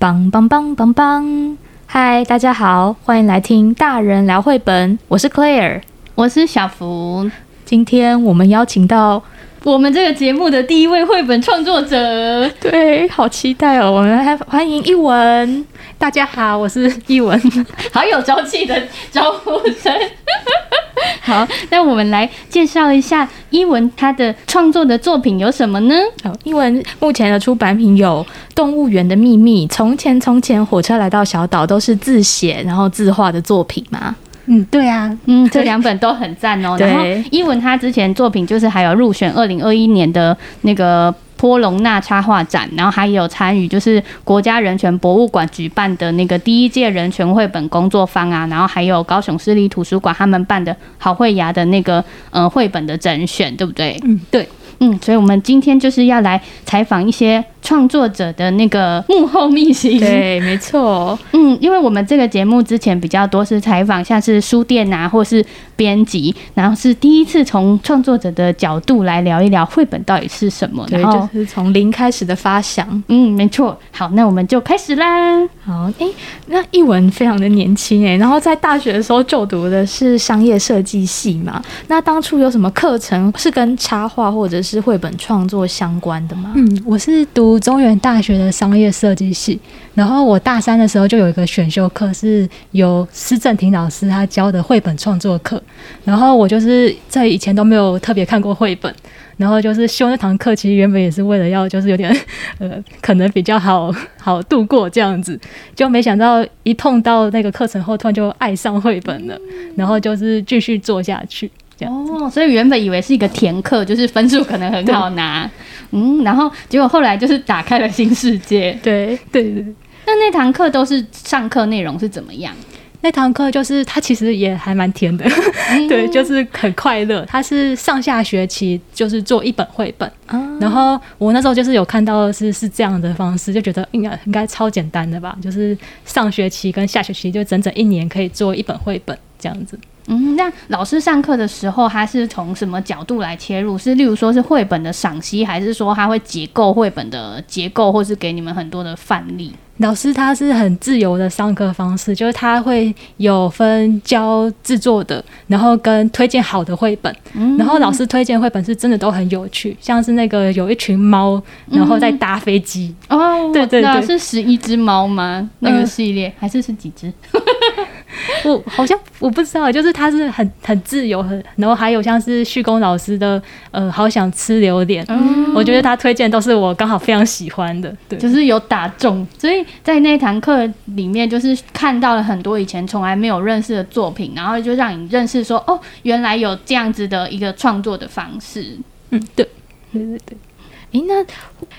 棒棒棒棒棒，嗨，大家好，歡迎來聽大人聊繪本。我是 Claire，我是小福。今天我們邀請到我們這個節目的第一位繪本創作者， 對，好期待哦、喔！我們還歡迎一文，大家好，我是一文， 好有朝氣的招呼聲。 好，那我們來介紹一下一文他的創作的作品有什麼呢？好，一文目前的出版品有《動物園的秘密》《從前從前火車來到小島》，都是自寫然後自畫的作品嘛？嗯，對啊，嗯，這兩本都很讚哦、喔。對然後一文他之前作品就是還有入選二零二一年的那個。波隆納插畫展，然後還有參與，就是國家人權博物館舉辦的那個第一屆人權繪本工作坊啊，然後還有高雄市立圖書館他們辦的好繪芽的那個呃繪本的甄選，對不對？嗯，對。嗯，所以，我們今天就是要來採訪一些創作者的那個幕後秘辛。對，沒錯。嗯，因為我們這個節目之前比較多是採訪像是書店啊，或是編輯，然後是第一次從創作者的角度來聊一聊繪本到底是什麼，然後，對，就是從零開始的發想。嗯，沒錯。好，那我們就開始啦。好，哎、欸，那一文非常的年輕哎、欸，然後在大學的時候就讀的是商業設計系嘛？那當初有什麼課程是跟插畫或者是？是繪本創作相關的嗎？嗯，我是讀中原大學的商業設計系，然後我大三的時候就有一個選修課，是有施政廷老師他教的繪本創作課，然後我就是在以前都沒有特別看過繪本，然後就是修那堂課，其實原本也是為了要就是有點呃可能比較好好度過這樣子，就沒想到一碰到那個課程後，突然就愛上繪本了，然後就是繼續做下去。哦，所以原本以為是一個甜課，就是分數可能很好拿，對嗯，然後結果後來就是打開了新世界。對對對。那那堂課都是上課內容是怎麼樣？那堂課就是它其實也還蠻甜的，欸、 對，就是很快樂。它是上下學期就是做一本繪本，嗯、然後我那時候就是有看到的是是這樣的方式，就覺得應該應該超簡單的吧，就是上學期跟下學期就整整一年可以做一本繪本這樣子。嗯，那老師上課的時候，他是從什麼角度來切入？是例如說是繪本的賞析，還是說他會解構繪本的結構，或是給你們很多的範例？老師他是很自由的上課方式，就是他會有分教製作的，然後跟推薦好的繪本，嗯、然後老師推薦繪本是真的都很有趣，像是那個有一群貓，然後在搭飛機、嗯、哦，對對對，啊、是十一隻貓嗎？那個系列、呃、還是是幾隻？ 我好像我不知道，就是他是很很自由，很然後還有像是旭恭老師的，呃，好想吃榴蓮，嗯、我覺得他推薦都是我剛好非常喜歡的，對，就是有打中，所以。在那堂課裡面，就是看到了很多以前從來沒有認識的作品，然後就讓你認識說，哦，原來有這樣子的一個創作的方式。嗯，對，對對對。哎，那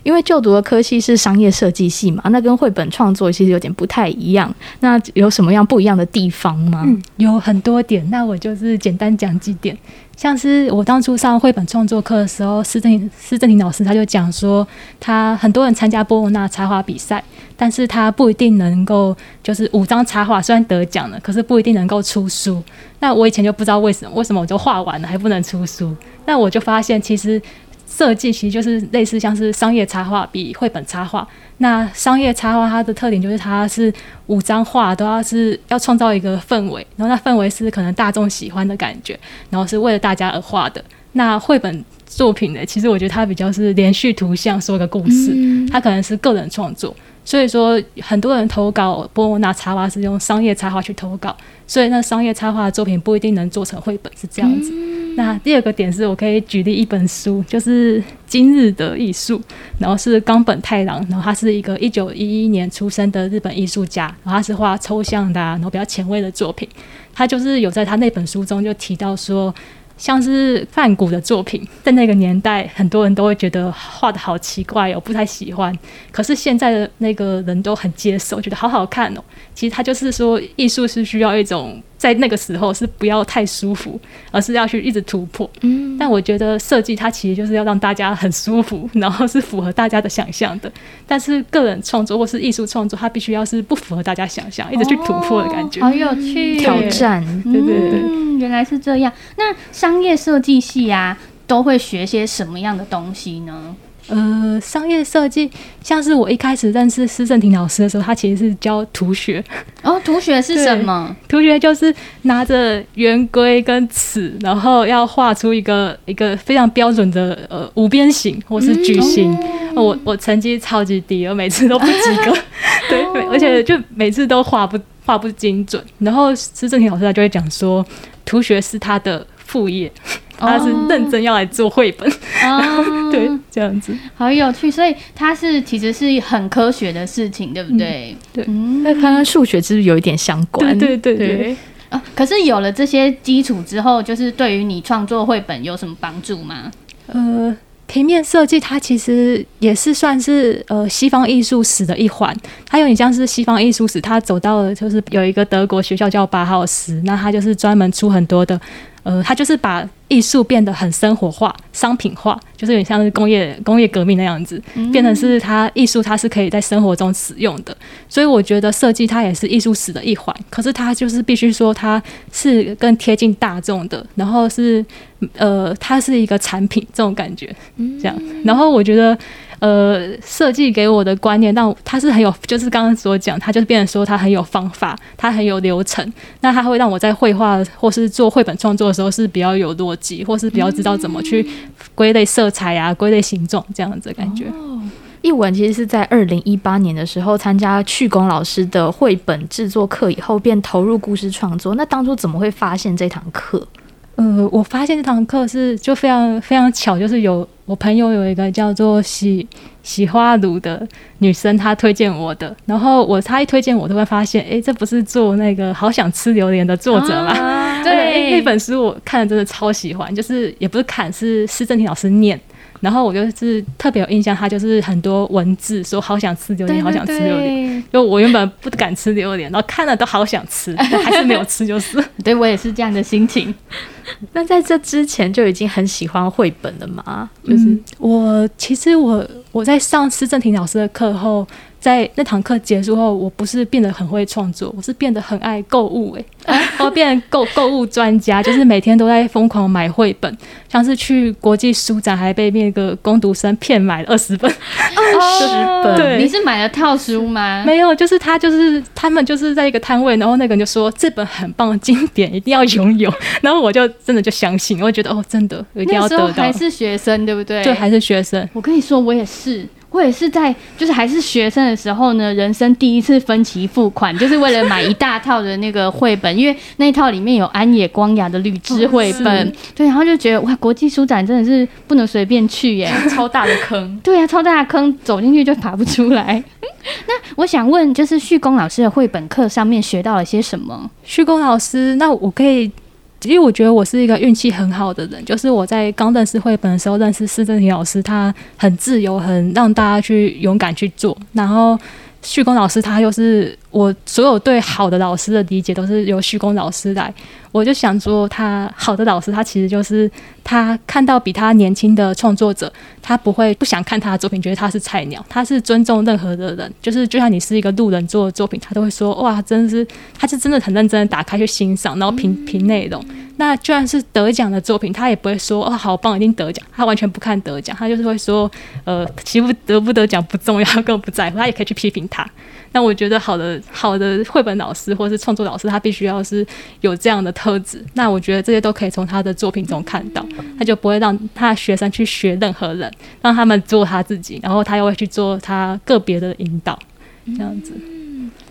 因為就讀的科系是商業設計系嘛，那跟繪本創作其實有點不太一樣。那有什麼樣不一樣的地方嗎？嗯，有很多點，那我就是簡單講幾點。像是我當初上繪本創作課的時候，施政施政廷老師他就講說，他很多人參加波隆那插畫比賽，但是他不一定能夠，就是五張插畫雖然得獎了，可是不一定能夠出書。那我以前就不知道為什麼，為什麼我就畫完了還不能出書？那我就發現其實。設計其實就是類似像是商業插畫，比繪本插畫。那商業插畫它的特點就是它是五張畫都要是要創造一個氛圍，然後那氛圍是可能大眾喜歡的感覺，然後是為了大家而畫的。那繪本作品呢，其實我覺得它比較是連續圖像說一個故事，它可能是個人創作。所以說，很多人投稿，波隆納插畫是用商業插畫去投稿，所以那商業插畫的作品不一定能做成繪本，是這樣子。嗯、那第二個點是我可以舉例一本書，就是《今日的藝術》，然後是岡本太郎，然後他是一個一九一一年出生的日本藝術家，然後他是畫抽象的、啊，然後比較前衛的作品。他就是有在他那本書中就提到說像是梵谷的作品，在那個年代，很多人都會覺得畫得好奇怪哦，不太喜歡。可是現在的那個人都很接受，覺得好好看哦。其實他就是說，藝術是需要一種在那個時候是不要太舒服，而是要去一直突破。嗯。但我覺得設計它其實就是要讓大家很舒服，然後是符合大家的想象的。但是個人創作或是藝術創作，它必須要是不符合大家想象，一直去突破的感覺。哦，好有趣。對，挑戰。對對對。嗯。原來是這樣。那像。商業設計系啊，都會學些什麼樣的東西呢？呃，商業設計，像是我一開始認識施政廷老師的時候，他其實是教圖學。哦，圖學是什麼？圖學就是拿着圓規跟尺，然後要畫出一個一個非常標準的呃五邊形或是矩形。嗯 okay. 我我成績超級低，我每次都不及格， 對，而且就每次都畫不畫不精準。然後施政廷老師他就會講說，圖學是他的。副業，他是認真要來做繪本。哦，對，這樣子好有趣。所以他是其實是很科學的事情，對不對？嗯、對。那他跟數學是不是有一點相關？對對對，對，對、啊。可是有了這些基礎之後，就是對於你創作繪本有什麼幫助嗎？呃，平面設計它其實也是算是呃西方藝術史的一環。還有你像是西方藝術史，它走到了就是有一個德國學校叫包浩斯，那它就是專門出很多的。呃，它就是把藝術變得很生活化、商品化，就是有點像是工業工業革命那樣子，變成是它藝術它是可以在生活中使用的。所以我覺得設計它也是藝術史的一環，可是它就是必須說它是更貼近大眾的，然後是呃，它是一個產品這種感覺，這樣。然後我覺得。呃，設計給我的觀念讓，但他是很有，就是剛剛所講，他就是變成說他很有方法，他很有流程。那他會讓我在繪畫或是做繪本創作的時候是比較有邏輯，或是比較知道怎麼去歸類色彩啊，嗯，歸類形狀這樣子的感覺、哦。一文其實是在二零一八年的時候參加旭恭老師的繪本製作課以後，便投入故事創作。那當初怎麼會發現這堂課？呃，我發現這堂課是就非常非常巧，就是有我朋友有一個叫做喜喜花魯的女生，她推薦我的。然後我她一推薦我，都會發現，哎、欸，這不是做那個好想吃榴蓮的作者嗎？啊、對、欸，那本書我看的真的超喜歡，就是也不是看，是施政廷老師念。然後我就是特別有印象，他就是很多文字說好想吃榴蓮，對對，好想吃榴蓮。就我原本不敢吃榴蓮，然後看了都好想吃，還是沒有吃，就是。 對，我也是這樣的心情。 那在這之前就已經很喜歡繪本了嗎？就是我、嗯、其實我我在上施政廷老師的課後。在那堂課結束後，我不是變得很會創作，我是變得很愛購物誒、欸，我、啊、變購購物專家， 就是每天都在瘋狂買繪本，像是去國際書展還被那個工讀生騙買了二十本、二十本。哦、對你是買了套書嗎？沒有，就是他就是他們就是在一個攤位，然後那個人就說這本很棒經典，點一定要擁有，然後我就真的就相信，我覺得哦真的， 我一定要得到。那時候，對，還是學生對不對？對，還是學生。我跟你說，我也是。我也是在，就是還是學生的時候呢，人生第一次分期付款，就是為了買一大套的那個繪本， 因為那一套裡面有安野光雅的《綠之繪本》哦，對，然後就覺得哇，國際書展真的是不能隨便去耶、欸，超大的坑。對呀、啊，超大的坑，走進去就爬不出來。 那我想問，就是旭恭老師的繪本課上面學到了些什麼？旭恭老師，那我可以。因為我覺得我是一個運氣很好的人，就是我在剛認識繪本的時候認識施政廷老師，他很自由，很讓大家去勇敢去做。然後旭恭老師他又、就是我所有對好的老師的理解，都是由旭恭老師來。我就想說，他好的老師，他其實就是他看到比他年輕的創作者，他不會不想看他的作品，覺得他是菜鳥。他是尊重任何的人，就是就像你是一個路人做的作品，他都會說哇，真的是，他是真的很認真地打開去欣賞，然後評評內容。那就算是得獎的作品，他也不會說哇、哦，好棒，已經得獎。他完全不看得獎，他就是會說，呃，其實得不得獎不重要，更不在乎，他也可以去批評他。那我覺得好的好的繪本老師或是創作老師，他必須要是有這樣的。那我覺得這些都可以從他的作品中看到。他就不會讓他的學生去學任何人，讓他們做他自己，然後他又會去做他個別的引導，這樣子。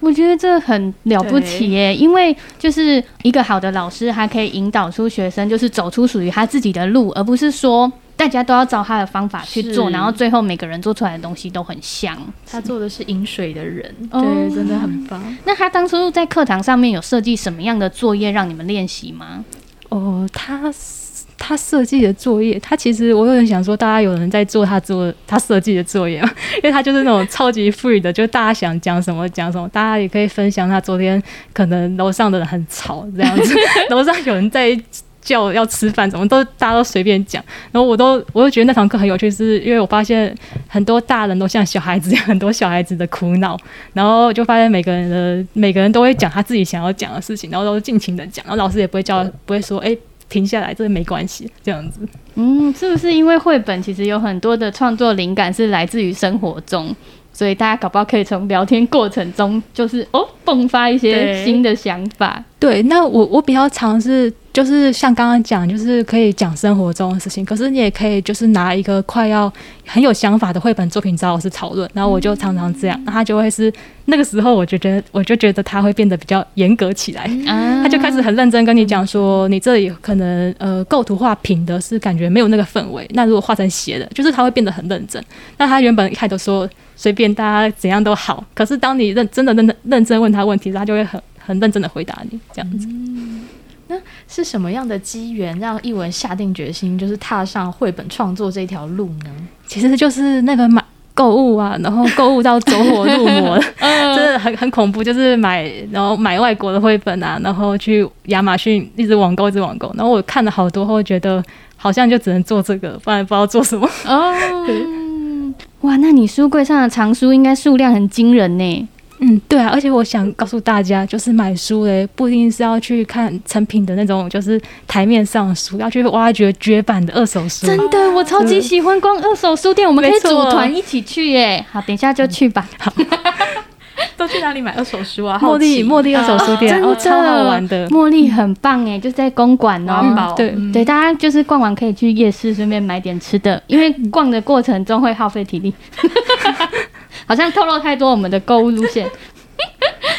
我覺得這很了不起耶、欸，對因為就是一個好的老師，他可以引導出學生，就是走出屬於他自己的路，而不是說，大家都要照他的方法去做，是然後最後每個人做出來的東西都很像。他做的是飲水的人，是對，哦、真的很棒。那他當初在課堂上面有設計什麼樣的作業讓你們練習嗎？哦，他他設計的作業，他其實我有點想說，大家有人在做他做他設計的作業，因為他就是那種超級 free 的，就大家想講什麼講什麼，大家也可以分享他。他昨天可能樓上的人很吵，這樣子， 樓上有人在。叫要吃飯，怎麼都大家都隨便講，然後我都我就覺得那堂課很有趣，是因為我發現很多大人都像小孩子，很多小孩子的苦惱，然後就發現每個人的每個人都會講他自己想要講的事情，然後都盡情的講，然後老師也不會叫，不會說哎、欸、停下來，這沒關係，這樣子。嗯，是不是因為繪本其實有很多的創作靈感是來自於生活中，所以大家搞不好可以從聊天過程中就是哦迸發一些新的想法？對，對，那我我比較嘗試。就是像剛剛講，就是可以講生活中的事情，可是你也可以就是拿一個快要很有想法的繪本作品找老師討論，然後我就常常這樣，那、嗯、他就會是那個時候我就覺得我就覺得他會變得比較嚴格起來，嗯、他就開始很認真跟你講說，嗯、你這裡可能呃構圖畫平的是感覺沒有那個氛圍，那如果畫成斜的，就是他會變得很認真。那他原本一開頭說隨便大家怎樣都好，可是當你認真的認認真問他問題，他就會很很認真的回答你這樣子。嗯那、嗯、是什麼樣的機緣讓一文下定決心，就是踏上繪本創作這條路呢？其實就是那個買購物啊，然後購物到走火入魔了，真的、 嗯、很很恐怖。就是買，然後買外國的繪本啊，然後去亞馬遜一直網購一直網購，然後我看了好多後，覺得好像就只能做這個，不然不知道做什麼。哦、嗯，是哇，那你書櫃上的藏書應該數量很驚人呢。嗯，對啊，而且我想告訴大家，就是買書哎，不一定是要去看成品的那種，就是台面上書，要去挖掘絕版的二手書。真的，我超級喜歡逛、嗯、二手書店，我們可以組團一起去耶！好，等一下就去吧。嗯、好， 都去哪裡買二手書啊？茉莉，茉莉二手書店、啊哦，真的、哦、超好玩的。茉莉很棒哎，就在公館哦。堡對、嗯、對，大家就是逛完可以去夜市，順便買點吃的，因為逛的過程中會耗費體力。嗯 好像透露太多我們的購物路線。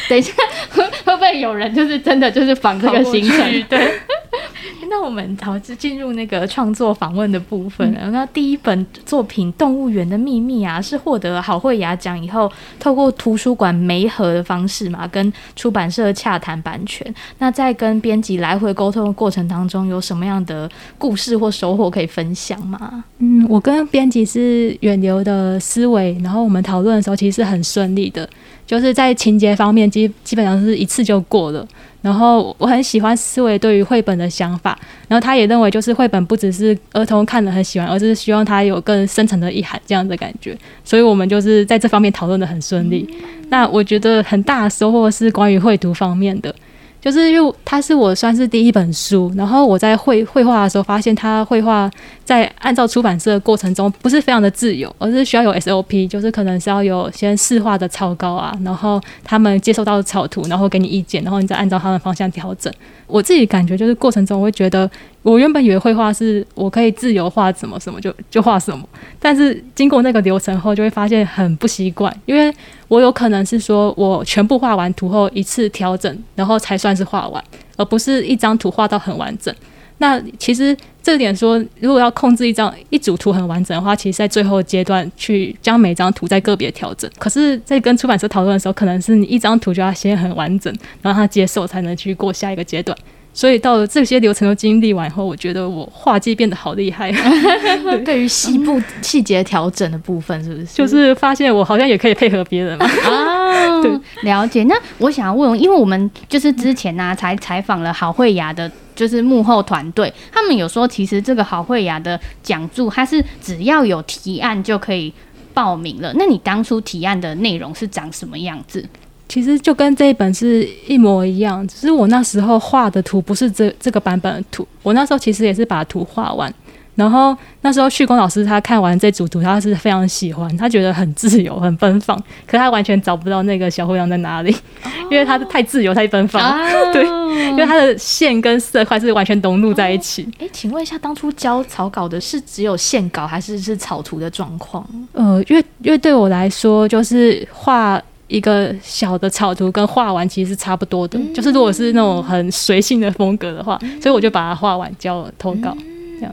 等一下，會不會有人就是真的就是仿這個行程？對。 那我們好就進入那個創作訪問的部分了。嗯、那第一本作品《動物園的祕密》啊，是獲得好繪芽獎以後，透過圖書館媒合的方式嘛，跟出版社洽談版權。那在跟編輯來回溝通的過程當中，有什麼樣的故事或收穫可以分享嗎？嗯，我跟編輯是遠流的思維，然後我們討論的時候其實是很順利的。就是在情節方面基基本上是一次就過了，然後我很喜歡思維對於繪本的想法，然後他也認為就是繪本不只是兒童看了很喜歡，而是希望他有更深層的意涵這樣的感覺，所以我們就是在這方面討論得很順利。嗯、那我覺得很大的收穫是關於繪圖方面的。就是因為它是我算是第一本書，然後我在繪繪畫的時候，發現他繪畫在按照出版社的過程中，不是非常的自由，而是需要有 SOP，就是可能是要有先試畫的草稿啊，然後他們接收到的草圖，然後給你意見，然後你再按照他們的方向調整。我自己感覺就是過程中，我會覺得。我原本以為繪畫是我可以自由畫什麼什麼就就畫什麼，但是經過那個流程後，就會發現很不習慣，因為我有可能是說我全部畫完圖後一次調整，然後才算是畫完，而不是一張圖畫到很完整。那其實這點說，如果要控制一張一組圖很完整的話，其實在最後的階段去將每張圖再個別調整。可是，在跟出版社討論的時候，可能是你一張圖就要先很完整，然後他接受才能去過下一個階段。所以到了這些流程都經歷完以後，我覺得我畫技變得好厲害。 對於細部細節調整的部分，是不是？就是發現我好像也可以配合別人嘛。 啊，對了解。那我想要問，因為我們就是之前呢、啊，才採訪了好繪芽的，就是幕後團隊，他們有說，其實這個好繪芽的講座，它是只要有提案就可以報名了。那你當初提案的內容是長什麼樣子？其實就跟這一本是一模一樣，只是我那時候畫的圖不是這這個版本的圖。我那時候其實也是把圖畫完，然後那時候旭恭老師他看完這組圖，他是非常喜歡，他覺得很自由、很奔放。可他完全找不到那個小灰狼在哪裡，哦、因為他是太自由、太奔放。啊、 對，因為他的線跟色塊是完全融入在一起。哎、哦，請問一下，當初交草稿的是只有線稿還是是草圖的狀況？嗯、呃，因為因為對我來說就是畫。一個小的草圖跟畫完其實是差不多的，嗯、就是如果是那種很隨性的風格的話，嗯、所以我就把它畫完交了投稿。嗯、這樣、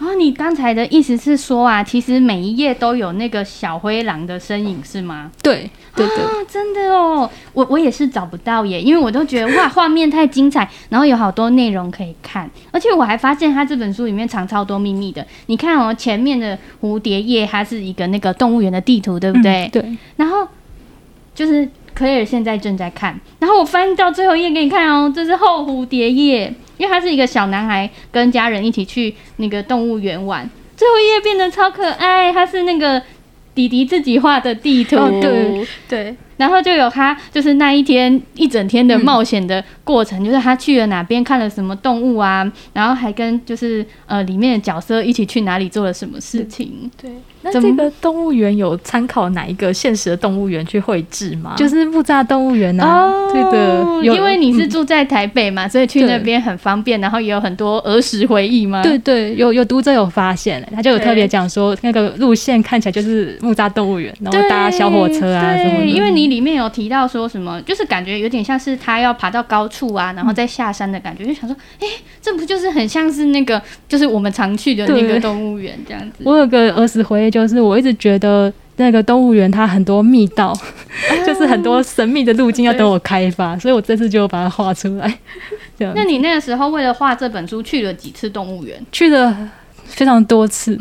哦、你剛才的意思是說啊，其實每一頁都有那個小灰狼的身影是嗎？嗯、對對對、哦，真的哦，我我也是找不到耶，因為我都覺得哇畫面太精彩！ 然後有好多內容可以看，而且我還發現他這本書裡面藏超多秘密的。你看哦，前面的蝴蝶頁，它是一個那個動物園的地圖，對不對？嗯、對，然後。就是 Claire 現在正在看，然後我翻到最後一頁給你看哦，這是後蝴蝶頁，因為他是一個小男孩跟家人一起去那個動物園玩，最後一頁變得超可愛，他是那個弟弟自己畫的地圖，哦、對，然後就有他就是那一天一整天的冒險的過程，嗯、就是他去了哪邊看了什麼動物啊，然後還跟就是呃裡面的角色一起去哪裡做了什麼事情，對。對那這個動物園有參考哪一個現實的動物園去繪製嗎？麼就是木柵動物園啊，oh, 對的。因為你是住在台北嘛，嗯、所以去那邊很方便。對然後也有很多兒時回憶嘛。對，對對，有有讀者有發現、欸，他就有特別講說，那個路線看起來就是木柵動物園，然後搭小火車啊對什麼的。對，因為你裡面有提到說什麼，就是感覺有點像是他要爬到高處啊，然後再下山的感覺。嗯、就想說，哎、欸，這不就是很像是那個，就是我們常去的那個動物園這樣子。我有個兒時回憶。就是我一直覺得那個動物園它很多密道。唉 就是很多神秘的路徑要等我開發，所以我這次就把它畫出來。那你那個時候為了畫這本書去了幾次動物園？去了。非常多次，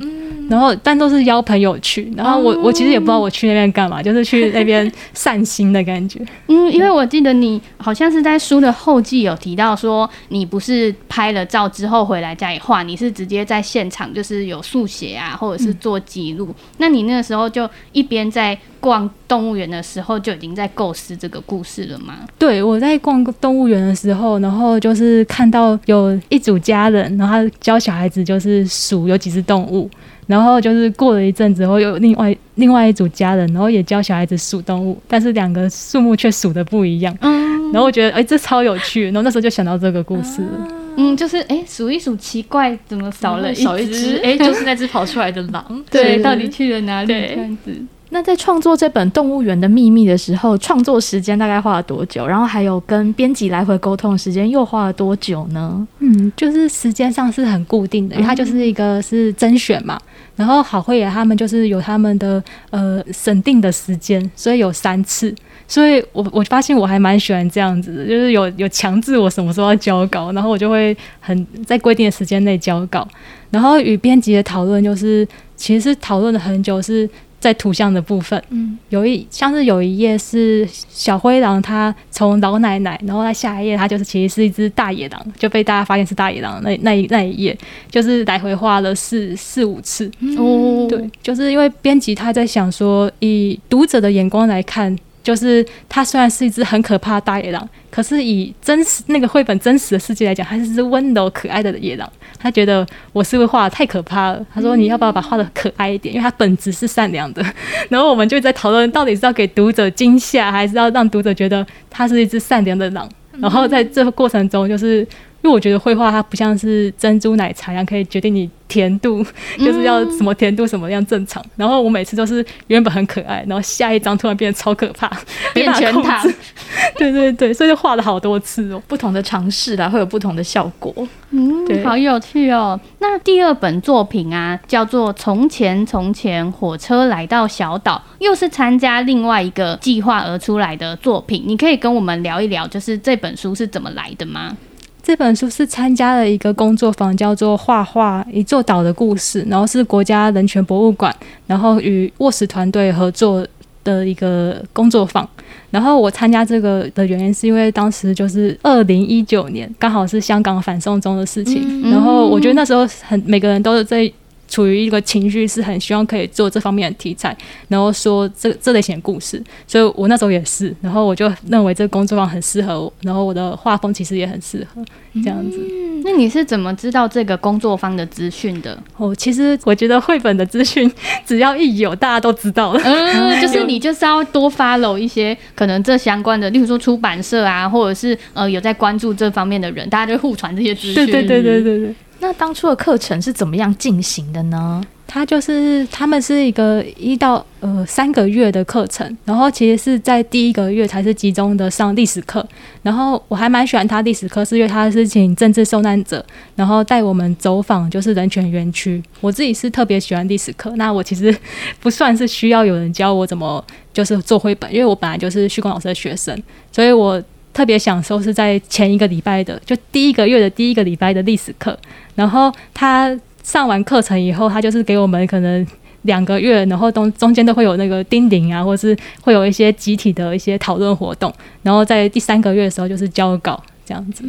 然後但都是邀朋友去，然後我、哦、我其實也不知道我去那邊幹嘛，就是去那邊散心的感覺。嗯，因為我記得你好像是在書的後記有提到說，你不是拍了照之後回來再畫，你是直接在現場就是有速寫啊，或者是做記錄。嗯，那你那個時候就一邊在逛動物園的時候就已經在構思這個故事了嗎？對，我在逛動物園的時候，然後就是看到有一組家人，然後他教小孩子就是數有幾只動物，然後就是過了一陣子後，有另外另外一組家人，然後也教小孩子數動物，但是兩個數目卻數的不一樣。嗯，然後我覺得哎，這超有趣，然後那時候就想到這個故事了。啊、嗯，就是哎，數一數奇怪，怎麼,怎麼少了一只？哎，就是那只跑出來的狼。 對，是到底去了哪裡？對這樣子。那在創作這本《動物園的秘密》的時候，創作時間大概花了多久？然後還有跟編輯來回溝通時間又花了多久呢？嗯，就是時間上是很固定的，它就是一個是甄選嘛，嗯、然後好繪芽他們就是有他們的呃審定的時間，所以有三次。所以我我發現我還蠻喜歡這樣子的，就是有有強制我什麼時候要交稿，然後我就會很在規定的時間內交稿。然後與編輯的討論就是，其實討論了很久是。在圖像的部分，嗯，有一像是有一頁是小灰狼，它從老奶奶，然後它下一頁，它就是其實是一隻大野狼，就被大家發現是大野狼。那那一那一頁，就是來回畫了四四五次。哦、嗯，對，就是因為編輯他在想說，以讀者的眼光來看。就是他，雖然是一只很可怕的大野狼，可是以真實那個繪本真實的世界來講，他是一只溫柔可愛的野狼。他覺得我是不是畫得太可怕了，他說，你要不要把畫得可愛一點？因為它本質是善良的。然後我們就在討論到底是要給讀者驚嚇，還是要讓讀者覺得它是一只善良的狼。然後在這個過程中，就是。因為我覺得繪畫它不像是珍珠奶茶一樣，可以決定你甜度，就是要什麼甜度什麼樣正常。嗯、然後我每次都是原本很可愛，然後下一張突然變得超可怕，變全糖。 對對對，所以就畫了好多次哦、喔，不同的嘗試啦，會有不同的效果。嗯，對好有趣哦、喔。那第二本作品啊，叫做《從前從前火車來到小島》，又是參加另外一個計劃而出來的作品。你可以跟我們聊一聊，就是這本書是怎麼來的嗎？這本書是參加了一個工作坊，叫做《畫畫一座島的故事》，然後是國家人權博物館，然後與沃室團隊合作的一個工作坊。然後我參加這個的原因是因為當時就是二零一九年，剛好是香港反送中的事情。嗯，然後我覺得那時候很每個人都是在。處於一個情緒，是很希望可以做這方面的題材，然後說這這類型的故事，所以我那時候也是，然後我就認為這個工作坊很適合我，然後我的畫風其實也很適合這樣子、嗯。那你是怎麼知道這個工作坊的資訊的？我、哦、其實我覺得繪本的資訊只要一有，大家都知道了。嗯，就是你就是要多 follow 一些可能這相關的，例如說出版社啊，或者是呃有在關注這方面的人，大家就互傳這些資訊。對對對對對對。那當初的課程是怎麼樣進行的呢？他就是他們是一個一到呃三個月的課程，然後其實是在第一個月才是集中的上歷史課。然後我還蠻喜歡他歷史課，是因為他是請政治受難者，然後帶我們走訪就是人權園區。我自己是特別喜歡歷史課，那我其實不算是需要有人教我怎麼就是做繪本，因為我本來就是旭恭老師的學生，所以我。特別享受是在前一個禮拜的，就第一個月的第一個禮拜的歷史課，然後他上完課程以後，他就是給我們可能兩個月，然後中中間都會有那個叮嚀啊，或是會有一些集體的一些討論活動，然後在第三個月的時候就是交稿這樣子。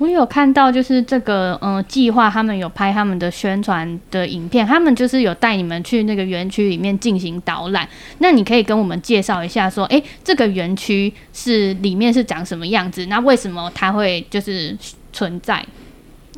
我有看到，就是這個嗯計劃，呃、他們有拍他們的宣傳的影片，他們就是有帶你們去那個園區裡面進行導覽。那你可以跟我們介紹一下說，說、欸、哎，這個園區是裡面是長什麼樣子？那為什麼它會就是存在？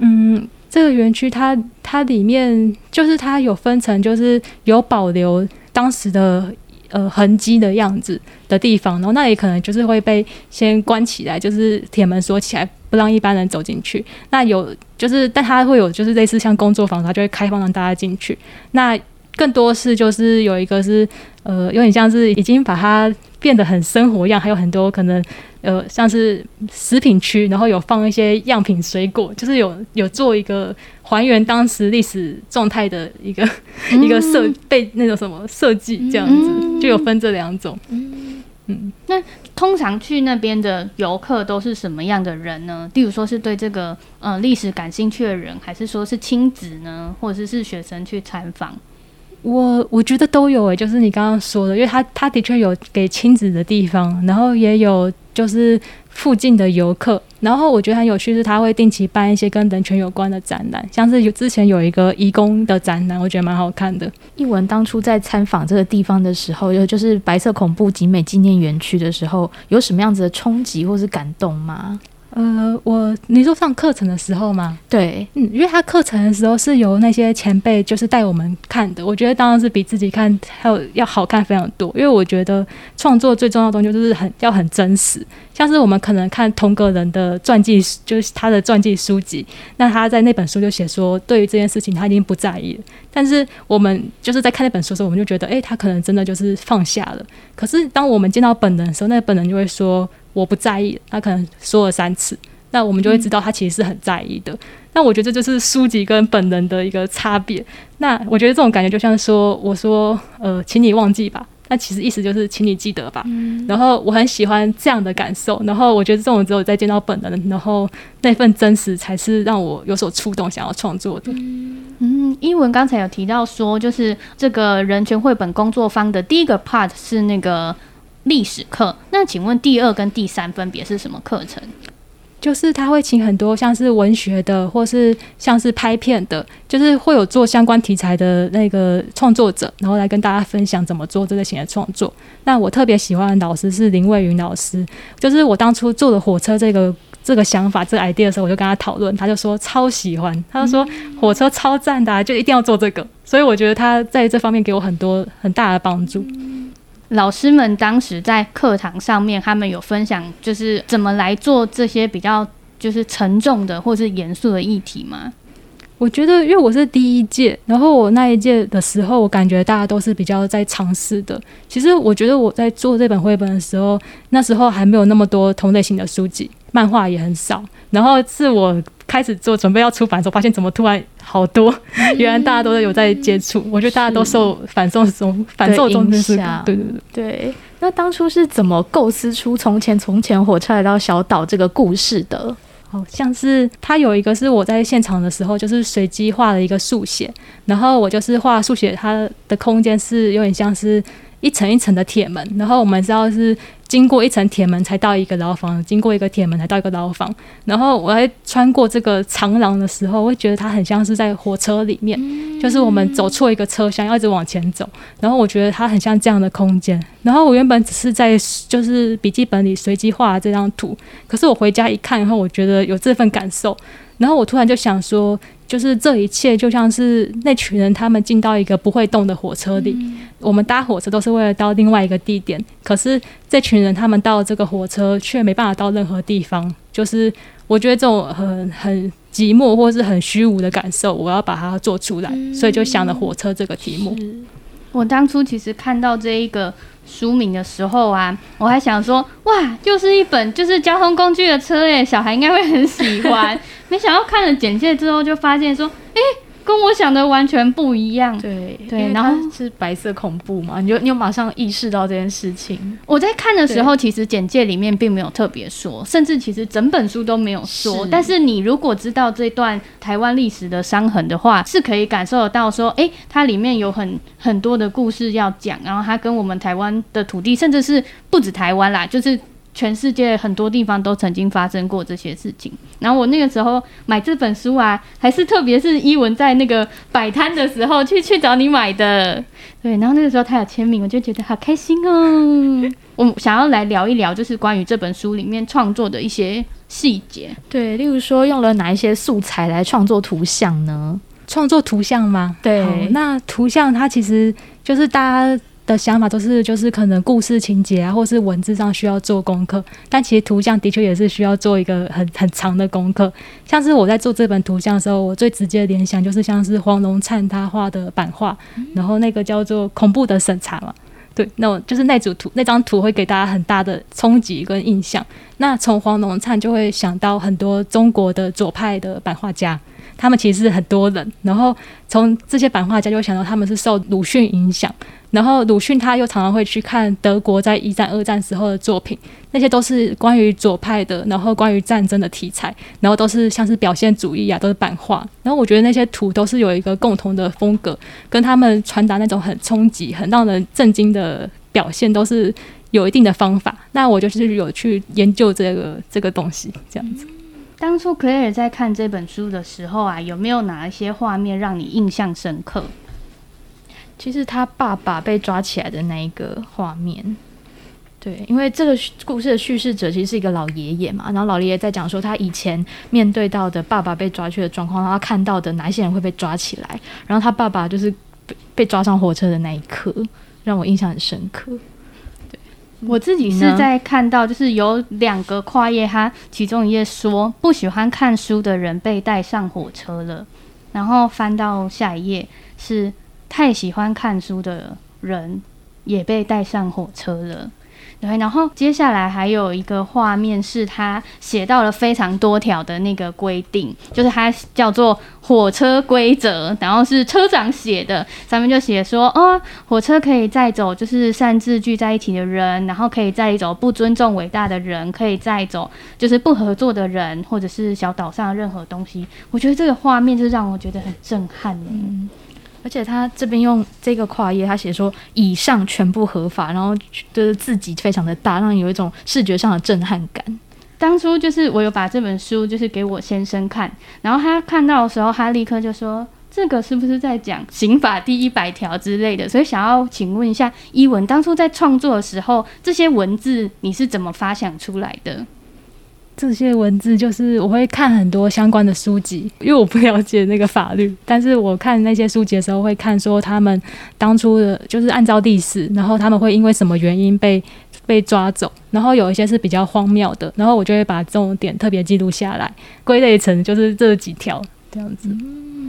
嗯，這個園區它它裡面就是它有分成，就是有保留當時的。呃，痕跡的樣子的地方，然後那裡可能就是會被先關起來，就是鐵門鎖起來，不讓一般人走進去。那有就是，但它會有就是類似像工作坊，它就會開放讓大家進去。那更多是就是有一個是呃，有點像是已經把它變得很生活一樣，還有很多可能。呃，像是食品區，然後有放一些樣品水果，就是有有做一個還原當時歷史狀態的一個、嗯、一個設被那種什麼設計這樣子，嗯、就有分這兩種。嗯，嗯，那通常去那邊的遊客都是什麼樣的人呢？例如說是對這個呃歷史感興趣的人，還是說是親子呢，或者是是學生去參訪？我我覺得都有哎、欸，就是你剛剛說的，因為他他的確有給親子的地方，然後也有。就是附近的遊客，然後我覺得很有趣是，他會定期辦一些跟人權有關的展覽，像是有之前有一個移工的展覽，我覺得蠻好看的。一文當初在參訪這個地方的時候，有就是白色恐怖景美紀念園區的時候，有什麼樣子的衝擊或是感動嗎？呃，我你說上課程的時候嗎？對，嗯，因為他課程的時候是由那些前輩就是帶我們看的，我覺得當然是比自己看還要要好看非常多。因為我覺得創作最重要的東西就是很要很真實，像是我們可能看同個人的傳記，就是他的傳記書籍，那他在那本書就寫說，對於這件事情他已經不在意了。但是我們就是在看那本書的時候，我們就覺得，哎、欸，他可能真的就是放下了。可是當我們見到本人的時候，那本人就會說。我不在意，他可能說了三次，那我們就會知道他其實是很在意的。那、嗯、我覺得這就是書籍跟本人的一個差別。那我覺得這種感覺就像說，我說，呃，請你忘記吧，那其實意思就是請你記得吧。嗯、然後我很喜歡這樣的感受。然後我覺得這種只有在見到本人，然後那份真實才是讓我有所觸動，想要創作的。嗯，一文剛才有提到說，就是這個人權繪本工作坊的第一個 part 是那個。歷史課，那請問第二跟第三分別是什麼課程？就是他會請很多像是文學的，或是像是拍片的，就是會有做相關題材的那個創作者，然後來跟大家分享怎麼做這類型的創作。那我特別喜歡的老師是林蔚雲老師，就是我當初做的火車這個這個想法、這個、idea 的時候，我就跟他討論，他就說超喜歡，他就說火車超讚的、啊，嗯、就一定要做這個。所以我覺得他在這方面給我很多很大的幫助。嗯老師們當時在課堂上面，他們有分享，就是怎麼來做這些比較就是沉重的或是嚴肅的議題嗎？我覺得，因為我是第一屆，然後我那一屆的時候，我感覺大家都是比較在嘗試的。其實，我覺得我在做這本繪本的時候，那時候還沒有那麼多同類型的書籍，漫畫也很少。然後是我開始做準備要出版的時候，發現怎麼突然好多，嗯、原來大家都是有在接觸。是我覺得大家都受反送中對反送中的影響。對對對。對，那當初是怎麼構思出《從前從前火車來到小島》這個故事的？好、哦、像是他有一個是我在現場的時候，就是隨機畫了一個速寫，然後我就是畫速寫，它的空間是有點像是。一層一層的鐵門，然後我們知道是經過一層鐵門才到一個牢房，經過一個鐵門才到一個牢房。然後我還穿過這個長廊的時候，我覺得它很像是在火車裡面，嗯、就是我們走錯一個車廂，要一直往前走。然後我覺得它很像這樣的空間。然後我原本只是在就是筆記本裡隨機畫這張圖，可是我回家一看以後，我覺得有這份感受。然後我突然就想說。就是這一切就像是那群人，他們進到一個不會動的火車裡。嗯、我們搭火車都是為了到另外一個地點，可是這群人他們到這個火車卻沒辦法到任何地方。就是我覺得這種很很寂寞或是很虛無的感受，我要把它做出來。嗯、所以就想了火車這個題目。我當初其實看到這一個。書名的時候啊，我還想說，哇，就是一本就是交通工具的車誒。小孩應該會很喜歡。 沒想到看了簡介之後，就發現說，誒、欸。跟我想的完全不一樣，對對，然後對是白色恐怖嘛，後你就你有馬上意識到這件事情。我在看的時候，其實簡介裡面並沒有特別說，對甚至其實整本書都沒有說。是但是你如果知道這段台灣歷史的傷痕的話，是可以感受得到說，哎、欸，它裡面有很很多的故事要講，然後它跟我們台灣的土地，甚至是不止台灣啦，就是。全世界很多地方都曾經發生過這些事情。然後我那個時候買這本書啊，還是特別是一文在那個擺攤的時候去去找你買的。對，然後那個時候他有簽名，我就覺得好開心哦、喔。 我想要來聊一聊，就是關於這本書裡面創作的一些細節。對，例如說用了哪一些素材來創作圖像呢？創作圖像嗎？對，那圖像它其實就是大家。的想法都是，就是就是可能故事情節啊，或是文字上需要做功課，但其實圖像的確也是需要做一個很很長的功課。像是我在做這本圖像的時候，我最直接的聯想就是像是黃榮燦他畫的版畫，嗯、然後那個叫做《恐怖的審查》嘛，對，那我就是那組圖那張圖會給大家很大的衝擊跟印象。那從黃榮燦就會想到很多中國的左派的版畫家。他們其實是很多人，然後從這些版畫家就想到他們是受魯迅影響，然後魯迅他又常常會去看德國在一戰二戰時候的作品，那些都是關於左派的，然後關於戰爭的題材，然後都是像是表現主義啊，都是版畫，然後我覺得那些圖都是有一個共同的風格，跟他們傳達那種很衝擊、很讓人震驚的表現都是有一定的方法，那我就是有去研究這個這個東西，這樣子。當初 Claire 在看這本書的時候啊，有沒有哪一些畫面讓你印象深刻？其實他爸爸被抓起來的那一個畫面，對，因為這個故事的敘事者其實是一個老爺爺嘛，然後老爺爺在講說他以前面對到的爸爸被抓去的狀況，然後看到的哪一些人會被抓起來，然後他爸爸就是被，被抓上火車的那一刻，讓我印象很深刻。我自己是在看到，就是有兩個跨頁，它其中一頁說不喜歡看書的人被帶上火車了，然後翻到下一頁是太喜歡看書的人也被帶上火車了。對，然後接下來還有一個畫面是他寫到了非常多條的那個規定，就是它叫做火車規則，然後是車長寫的，上面就寫說，哦，火車可以載走就是擅自聚在一起的人，然後可以載走不尊重偉大的人，可以載走就是不合作的人，或者是小島上的任何東西。我覺得這個畫面就讓我覺得很震撼的。嗯。而且他這邊用這個跨頁，他寫說以上全部合法，然後就是字跡非常的大，讓人有一種視覺上的震撼感。當初就是我有把這本書就是給我先生看，然後他看到的時候，他立刻就說：“這個是不是在講刑法第一百條之類的？”所以想要請問一下一文，當初在創作的時候，這些文字你是怎麼發想出來的？這些文字就是我會看很多相關的書籍，因為我不了解那個法律。但是我看那些書籍的時候，會看說他們當初的就是按照歷史，然後他們會因為什麼原因被被抓走，然後有一些是比較荒謬的，然後我就會把這種點特別記錄下來，歸類成就是這幾條這樣子。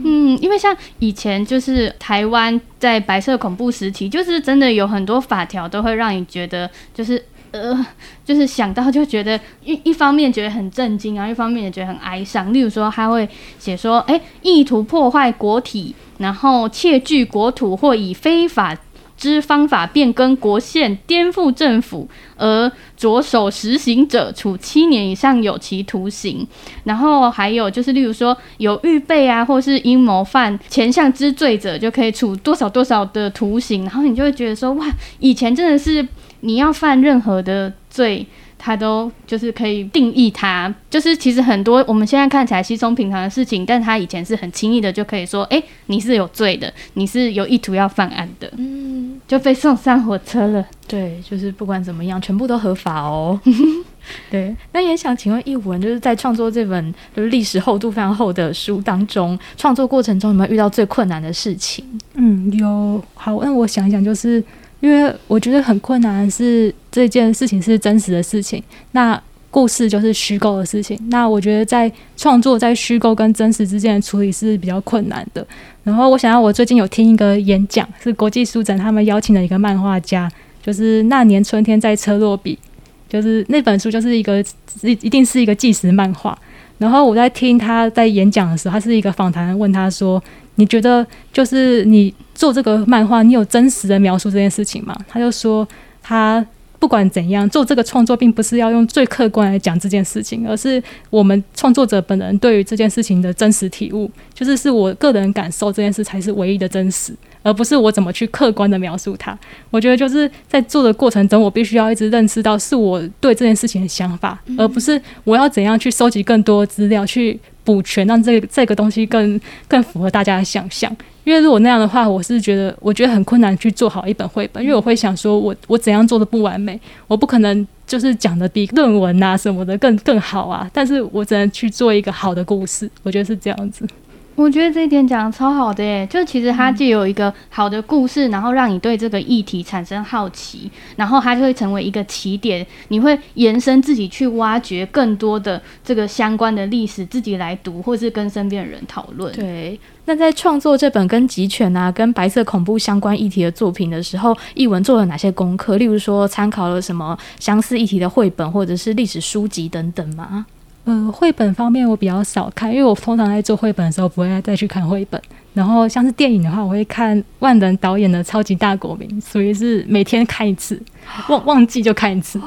嗯，因為像以前就是台灣在白色恐怖時期，就是真的有很多法條都會讓你覺得就是。呃，就是想到就覺得一一方面覺得很震驚，然後一方面也覺得很哀傷。例如說，他會寫說：“哎、欸，意圖破壞國體，然後竊據國土，或以非法之方法變更國憲，顛覆政府而着手實行者，處七年以上有期徒刑。”然後還有就是，例如說有預備啊，或是陰謀犯前項之罪者，就可以處多少多少的徒刑。然後你就會覺得說：“哇，以前真的是。”你要犯任何的罪，他都就是可以定義他，就是其實很多我們現在看起來稀鬆平常的事情，但他以前是很輕易的就可以說，哎、欸，你是有罪的，你是有意圖要犯案的，嗯，就被送上火車了。對，就是不管怎麼樣，全部都合法哦。 對，那也想請問一文，就是在創作這本就是歷史厚度非常厚的書當中，創作過程中有沒有遇到最困難的事情？嗯，有。好，那我想一想，就是。因為我覺得很困難的是這件事情是真實的事情，那故事就是虛構的事情。那我覺得在創作在虛構跟真實之間的處理是比較困難的。然後我想到我最近有聽一個演講，是國際書展他們邀請的一個漫畫家，就是《那年春天在車諾比》，就是那本書就是一個一一定是一個紀實漫畫。然後我在聽他在演講的時候，他是一個訪談，問他說。你覺得就是你做這個漫畫，你有真實的描述這件事情嗎？他就說，他不管怎樣做這個創作，並不是要用最客觀來講這件事情，而是我們創作者本人對於這件事情的真實體悟，就是是我個人感受，這件事才是唯一的真實。而不是我怎麼去客觀地描述它，我覺得就是在做的過程中，我必須要一直認識到是我對這件事情的想法，而不是我要怎樣去收集更多資料去補全，讓這個、這個東西更更符合大家的想象。因為如果那樣的話，我是覺得我覺得很困難去做好一本繪本，因為我會想說我我怎樣做的不完美，我不可能就是講的比論文吶、啊、什麼的更更好啊。但是我只能去做一個好的故事，我覺得是這樣子。我覺得這一點講得超好的，耶，就其實它就有一個好的故事，然後讓你對這個議題產生好奇，然後它就會成為一個起點，你會延伸自己去挖掘更多的這個相關的歷史，自己來讀，或是跟身邊的人討論。對，那在創作這本跟極權啊、跟白色恐怖相關議題的作品的時候，一文做了哪些功課？例如說，參考了什麼相似議題的繪本，或者是歷史書籍等等嗎？呃，繪本方面我比較少看，因為我通常在做繪本的時候不會再去看繪本。然後像是電影的話，我會看萬仁導演的《超級大國民》，屬於是每天看一次，忘忘記就看一次。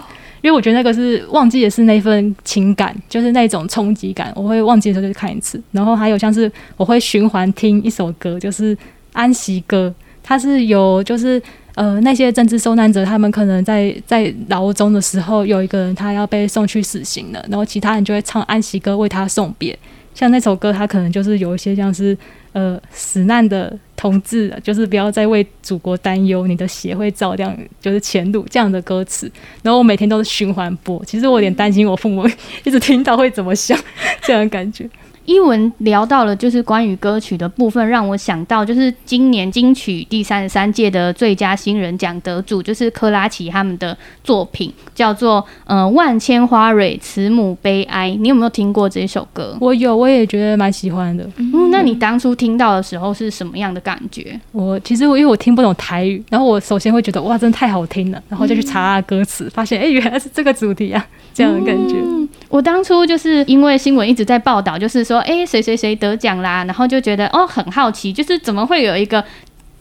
因為我覺得那個是忘記也是那份情感，就是那種衝擊感，我會忘記的時候就看一次。然後還有像是我會循環聽一首歌，就是《安息歌》，它是有就是。呃，那些政治受難者，他們可能在在牢中的時候，有一個人他要被送去死刑了，然後其他人就會唱安息歌為他送別。像那首歌，他可能就是有一些像是呃死難的同志，就是不要再為祖國擔憂，你的血會照亮就是前路這樣的歌詞。然後我每天都是循環播，其實我有點擔心我父母一直聽到會怎麼想， 這樣的感覺。一文聊到了就是關於歌曲的部分，讓我想到就是今年金曲第三十三屆的最佳新人獎得主就是珂拉琪他們的作品叫做呃萬千花蕊慈母悲哀，你有沒有聽過這一首歌？我有，我也覺得蠻喜歡的。嗯，那你當初聽到的時候是什麼樣的感覺？我其實我因為我聽不懂台語，然後我首先會覺得哇，真的太好聽了，然後就去查、啊、歌詞，發現哎、欸、原來是這個主題啊，這樣的感覺、嗯。我當初就是因為新聞一直在報道，就是說。哎，誰誰誰得獎啦？然後就覺得哦，很好奇，就是怎麼會有一個，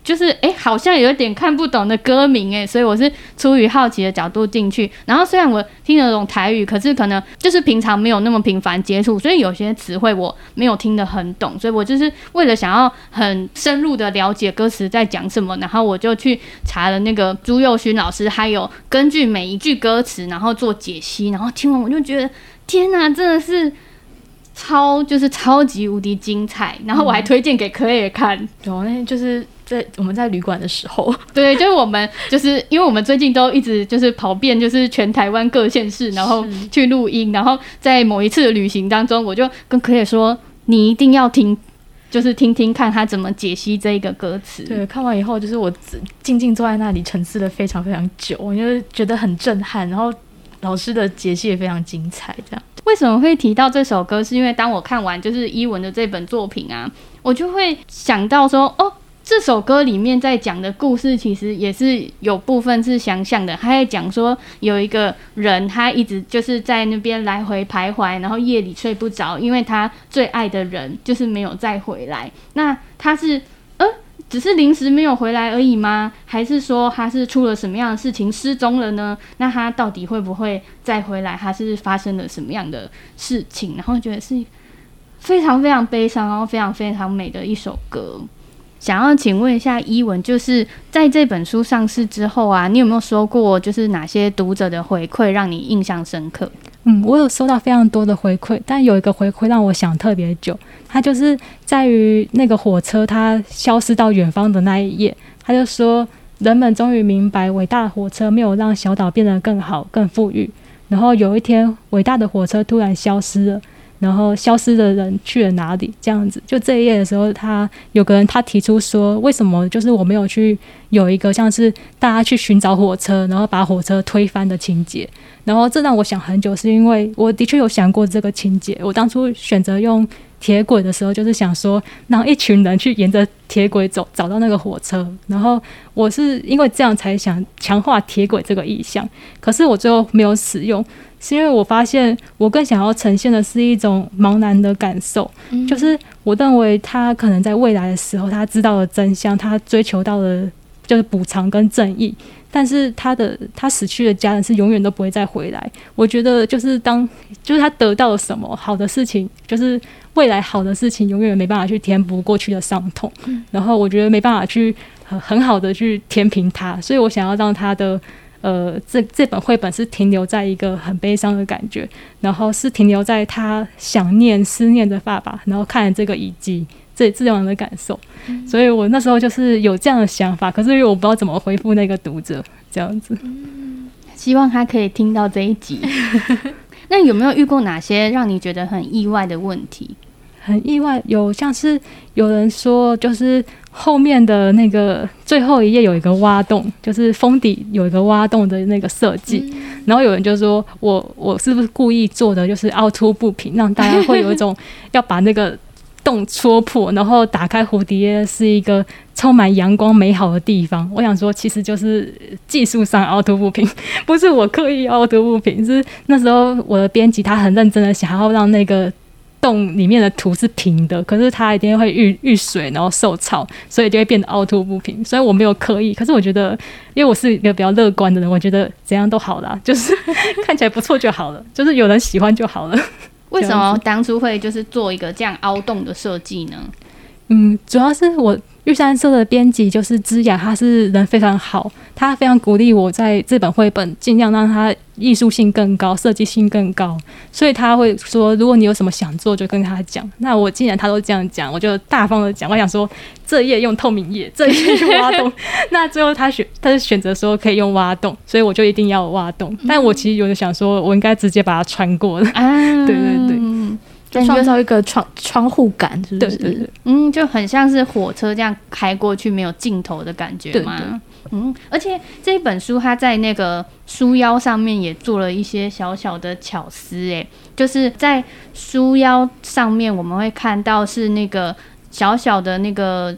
就是哎、欸，好像有點看不懂的歌名哎、欸，所以我是出於好奇的角度進去。然後雖然我聽得懂台語，可是可能就是平常沒有那麼頻繁接觸，所以有些詞彙我沒有聽得很懂。所以我就是為了想要很深入的了解歌詞在講什麼，然後我就去查了那個朱宥勳老師，還有根據每一句歌詞，然後做解析。然後聽完我就覺得，天哪，真的是！超就是超級無敵精彩，然後我還推薦給柯野看。對、嗯，就是在我們在旅館的時候，對，就是我們就是因為我們最近都一直就是跑遍就是全台灣各縣市，然後去錄音，是然後在某一次的旅行當中，我就跟柯野說：“你一定要聽，就是聽聽看他怎麼解析這一個歌詞。”對，看完以後就是我靜靜坐在那裡沉思了非常非常久，我就是覺得很震撼，然後老師的解析也非常精彩，這樣。為什麼會提到這首歌？是因為當我看完就是一文的這本作品啊，我就會想到說，哦，這首歌裡面在講的故事，其實也是有部分是想象的。他在講說，有一個人他一直就是在那邊來回徘徊，然後夜裡睡不着，因為他最愛的人就是沒有再回來。那他是。只是臨時沒有回來而已嗎？還是說他是出了什麼樣的事情失蹤了呢？那他到底會不會再回來？他是發生了什麼樣的事情？然後覺得是非常非常悲傷，然後非常非常美的一首歌。想要請問一下一文，就是在這本書上市之後啊，你有沒有說過就是哪些讀者的回饋讓你印象深刻？嗯，我有收到非常多的回饋，但有一個回饋讓我想特別久，它就是在於那個火車它消失到遠方的那一夜，他就說人們終於明白偉大的火車沒有讓小島變得更好、更富裕，然後有一天偉大的火車突然消失了。然後消失的人去了哪裡？這樣子，就這一頁的時候，他有個人他提出說，為什麼就是我沒有去有一個像是大家去尋找火車，然後把火車推翻的情節。然後這讓我想很久，是因為我的確有想過這個情節。我當初選擇用鐵軌的時候，就是想說讓一群人去沿着鐵軌走，找到那個火車。然後我是因為這樣才想強化鐵軌這個意象，可是我最後沒有使用。是因為我發現，我更想要呈現的是一種茫然的感受，嗯、就是我認為他可能在未來的時候，他知道的真相，他追求到的，就是補償跟正義，但是他的他死去的家人是永遠都不會再回來。我覺得就是當，就是他得到了什麼好的事情，就是未來好的事情，永遠沒辦法去填補過去的傷痛，嗯、然後我覺得沒辦法去、呃、很好的去填平它，所以我想要讓他的。呃，這這本繪本是停留在一個很悲傷的感覺，然後是停留在他想念、思念的爸爸，然後看了這個遺跡，這這樣的感受。所以我那時候就是有這樣的想法，可是我不知道怎麼回復那個讀者這樣子、嗯。希望他可以聽到這一集。 那有沒有遇過哪些讓你覺得很意外的問題？很意外，有像是有人說，就是後面的那個最後一頁有一個挖洞，就是封底有一個挖洞的那個設計。然後有人就說我：“我我是不是故意做的，就是凹凸不平，讓大家會有一種要把那個洞戳破， 然後打開蝴蝶是一個充滿陽光美好的地方。”我想說，其實就是技術上凹凸不平，不是我刻意凹凸不平，是那時候我的編輯他很認真的想要讓那個。洞裡面的土是平的，可是它一定會遇遇水，然後受潮，所以就會變得凹凸不平。所以我沒有刻意，可是我覺得，因為我是一個比較樂觀的人，我覺得怎樣都好啦，就是 看起來不錯就好了，就是有人喜歡就好了。為什麼當初會就是做一個這樣凹洞的設計呢？嗯，主要是我。玉山社的編輯就是芝雅，她是人非常好，她非常鼓勵我在這本繪本盡量讓它藝術性更高、設計性更高，所以他會說：如果你有什麼想做，就跟他講。那我既然他都這樣講，我就大方的講，我想說這頁用透明頁，這頁用挖洞。 那最後他選，他就選擇說可以用挖洞，所以我就一定要挖洞。但我其實有想說，我應該直接把它穿過了。嗯、 對,對對對。介紹、就是、一個窗窗戶感，是不是？對對對，嗯，就很像是火車這樣開過去沒有盡頭的感覺嗎？對對，嗯，而且這本書它在那個書腰上面也做了一些小小的巧思，欸，哎，就是在書腰上面我們會看到是那個小小的那個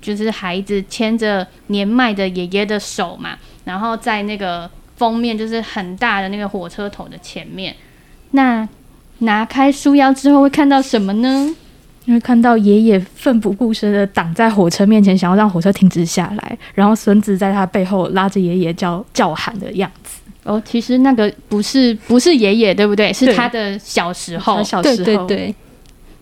就是孩子牽着年邁的爺爺的手嘛，然後在那個封面就是很大的那個火車頭的前面，那。拿開書腰之後會看到什麼呢？因為看到爺爺奮不顧身的擋在火車面前，想要讓火車停止下來，然後孫子在他背後拉着爺爺叫叫喊的樣子。哦，其實那個不是不是爺爺，對不對？是他的小時候，對小時候。對對對。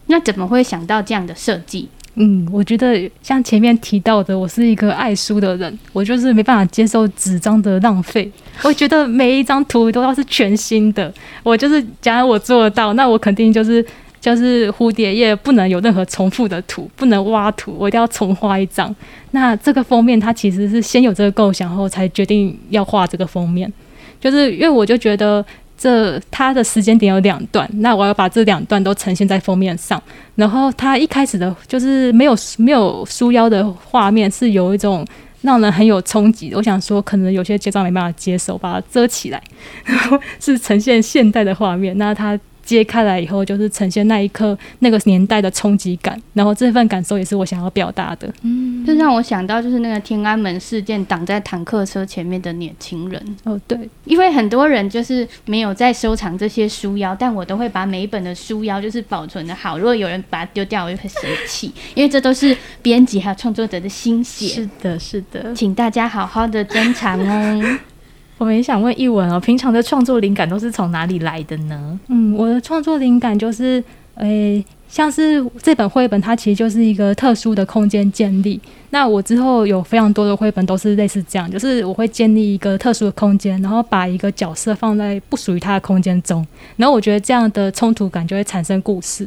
那怎麼會想到這樣的設計？嗯，我覺得像前面提到的，我是一個愛書的人，我就是沒辦法接受紙張的浪費，我覺得每一張圖都要是全新的。我就是，假如我做到，那我肯定就是，就是蝴蝶頁不能有任何重複的圖，不能挖圖，我一定要重畫一張。那這個封面，它其實是先有這個構想後才決定要畫這個封面，就是因為我就覺得。這它的時間點有兩段，那我要把這兩段都呈現在封面上。然後它一開始的，就是沒有沒有書腰的畫面，是有一種讓人很有衝擊的。我想說，可能有些家長沒辦法接受，把它遮起來，然 後是呈現現代的畫面。那他，揭開來以後，就是呈現那一刻那個年代的衝擊感，然後這份感受也是我想要表達的。嗯，這讓我想到就是那個天安門事件，擋在坦克車前面的年輕人。哦，對，因為很多人就是沒有在收藏這些書腰，但我都會把每一本的書腰就是保存得好。如果有人把它丟掉，我就很生氣，因為這都是編輯還有創作者的心血。是的，是的，請大家好好的珍藏哦。 我們也想問一文哦，平常的創作靈感都是從哪裡來的呢？嗯，我的創作靈感就是，誒、欸，像是這本繪本，它其實就是一個特殊的空間建立。那我之後有非常多的繪本都是類似這樣，就是我會建立一個特殊的空間，然後把一個角色放在不屬於他的空間中，然後我覺得這樣的衝突感就會產生故事。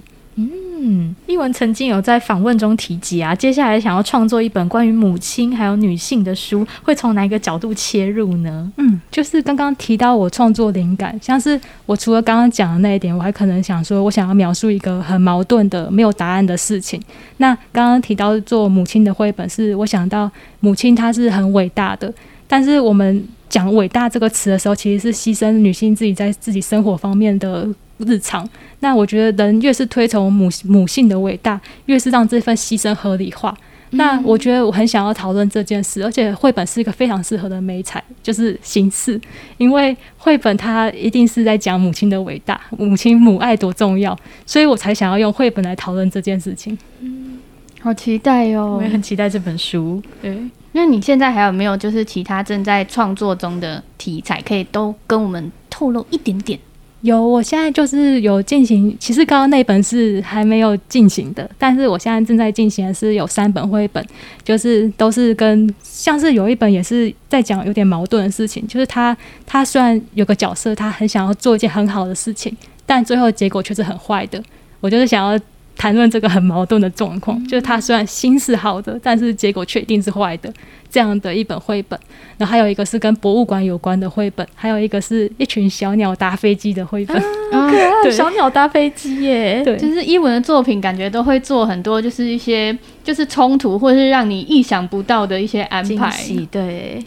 嗯，一文曾經有在訪問中提及啊，接下來想要創作一本關於母親還有女性的書，會從哪一個角度切入呢？嗯，就是剛剛提到我創作靈感，像是我除了剛剛講的那一點，我還可能想說，我想要描述一個很矛盾的、沒有答案的事情。那剛剛提到做母親的繪本是，是我想到母親她是很偉大的，但是我們講偉大這個詞的時候，其實是犧牲女性自己在自己生活方面的日常，那我覺得人越是推崇母母性的偉大，越是讓這份犧牲合理化。嗯、那我覺得我很想要討論這件事，而且繪本是一個非常適合的媒材，就是形式，因為繪本它一定是在講母親的偉大，母親母愛多重要，所以我才想要用繪本來討論這件事情。嗯，好期待喲，哦，我也很期待這本書。對，那你現在還有沒有就是其他正在創作中的題材，可以都跟我們透露一點點？有，我現在就是有進行。其實剛剛那本是還沒有進行的，但是我現在正在進行的是有三本繪本，就是都是跟像是有一本也是在講有點矛盾的事情，就是他他雖然有個角色，他很想要做一件很好的事情，但最後結果卻是很壞的。我就是想要。談論這個很矛盾的狀況，就是他雖然心是好的，但是結果確定是壞的，這樣的一本繪本。然後還有一個是跟博物館有關的繪本，還有一個是一群小鳥搭飛機的繪本。啊、可愛！對小鳥搭飛機耶。對，就是一文的作品，感覺都會做很多，就是一些就是衝突，或者是讓你意想不到的一些安排。驚喜，對。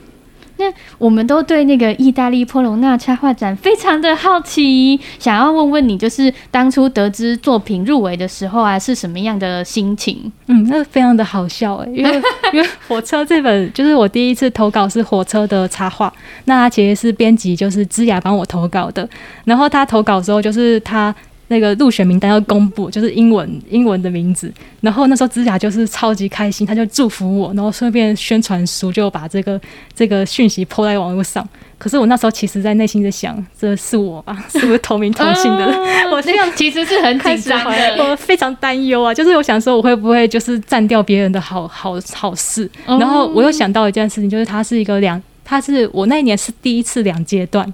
我們都對那個意大利波隆納插畫展非常的好奇，想要問問你，就是當初得知作品入圍的時候啊，是什麼樣的心情？嗯，那非常的好笑哎、欸，因為因為火車這本就是我第一次投稿是火車的插畫，那他其實是編輯就是芝雅幫我投稿的，然後他投稿之後，就是他。那個入選名單要公布，就是英文英文的名字。然後那時候指甲就是超級開心，他就祝福我，然後順便宣傳書，就把這個這個訊息拋在網絡上。可是我那時候其實在內心在想，這是我吧？是不是同名同姓的？ 哦、我這是樣其實是很緊張的，我非常擔憂啊。就是我想說，我會不會就是佔掉別人的好好好事？哦、然後我又想到一件事情，就是他是一個兩，他是我那一年是第一次兩階段。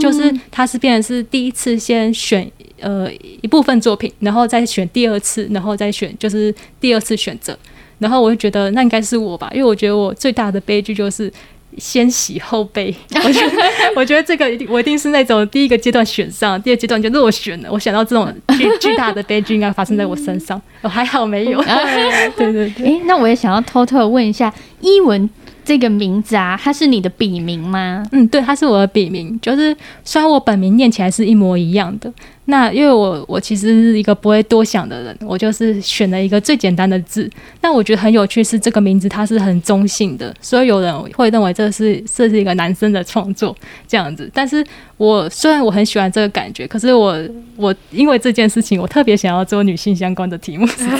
就是他是變成是第一次先選呃一部分作品，然後再選第二次，然後再選，就是第二次選擇，然後我就覺得那應該是我吧，因為我覺得我最大的悲劇就是先喜後悲，我覺得我覺得這個一定，我一定是那種第一個階段選上，第二階段就落選了，我想到這種巨巨大的悲劇應該發生在我身上，我、嗯哦、還好沒有，啊、對對對，哎、欸，那我也想要偷偷的問一下一文，這個名字啊，它是你的筆名嗎？嗯，對，它是我的筆名。就是雖然我本名念起來是一模一樣的，那因為我我其實是一個不會多想的人，我就是選了一個最簡單的字。那我覺得很有趣，是這個名字它是很中性的，所以有人會認為這是這是一個男生的創作這樣子。但是我雖然我很喜歡這個感覺，可是我我因為這件事情，我特別想要做女性相關的題目，是、啊、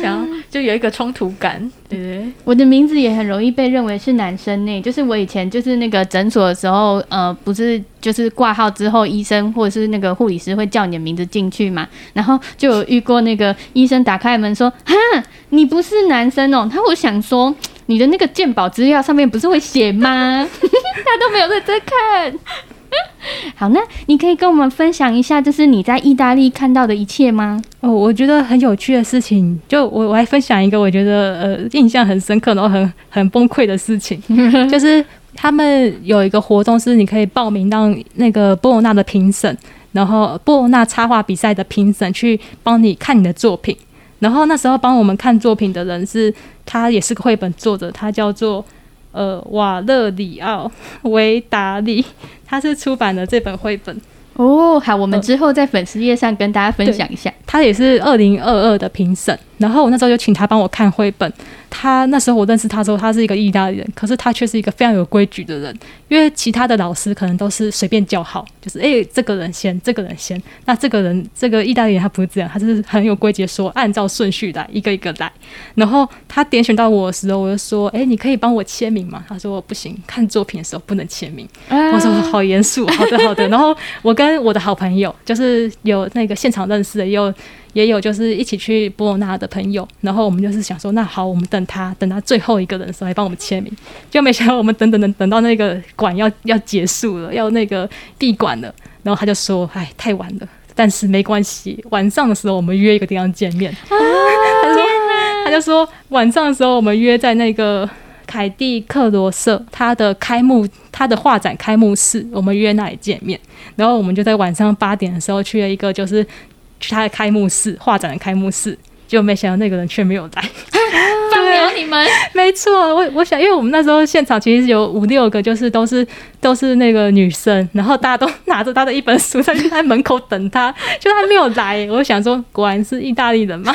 想要。就有一個衝突感，對不對，對？我的名字也很容易被認為是男生、欸。那，就是我以前就是那個診所的時候，呃，不是就是掛號之後，醫生或者是那個護理師會叫你的名字進去嘛。然後就有遇過那個醫生打開門說：“哈、 啊，你不是男生哦、喔。”他會想說，你的那個健保資料上面不是會寫嗎？ 他都沒有認真看。好，那你可以跟我們分享一下，就是你在意大利看到的一切嗎？哦，我覺得很有趣的事情，就我我還分享一個我覺得呃印象很深刻，然後很很崩潰的事情， 就是他們有一個活動是你可以報名當那個波隆納的評審，然後波隆納插畫比賽的評審去幫你看你的作品，然後那時候幫我們看作品的人是，他也是個繪本作者，他叫做。呃，瓦勒里奧·維達利，他是出版的這本繪本哦。好，我們之後在粉絲頁上跟大家分享一下。呃、他也是二零二二的評審，然後我那時候就請他幫我看繪本。他那時候我認識他說他是一個意大利人，可是他卻是一個非常有規矩的人。因為其他的老師可能都是隨便叫號，就是哎、欸，這個人先，這個人先，那這個人這個意大利人他不是這樣，他就是很有規矩說，說按照順序來，一個一個來。然後他點選到我的時候，我就說，哎、欸，你可以幫我簽名嗎？他說不行，看作品的時候不能簽名。Uh、我說好嚴肅，好的好的。 然後我跟我的好朋友，就是有那個現場認識的，也有。也有就是一起去波隆納的朋友，然後我們就是想說，那好，我們等他，等他最後一個人的時候來幫我們簽名，就沒想到我們等等等，等到那個館要要結束了，要那個閉館了，然後他就說，哎，太晚了，但是沒關係，晚上的時候我們約一個地方見面。天、啊、說：‘天啊、他就說晚上的時候我們約在那個凱蒂克羅瑟，他的開幕，他的畫展開幕式，我們約那裡見面，然後我們就在晚上八點的時候去了一個就是。去他的開幕式畫展的開幕式，結果沒想到那個人卻沒有來。啊、對放鳥你們，沒錯，我我想，因為我們那時候現場其實有五六個，就是都是都是那個女生，然後大家都拿着她的一本書，在在門口等她， 就她沒有來。我想說，果然是意大利人嗎？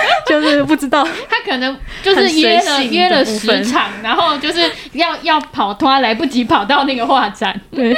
就是不知道， 他可能就是約了約了十場， 然後就是要要跑，突然來不及跑到那個畫展。 對，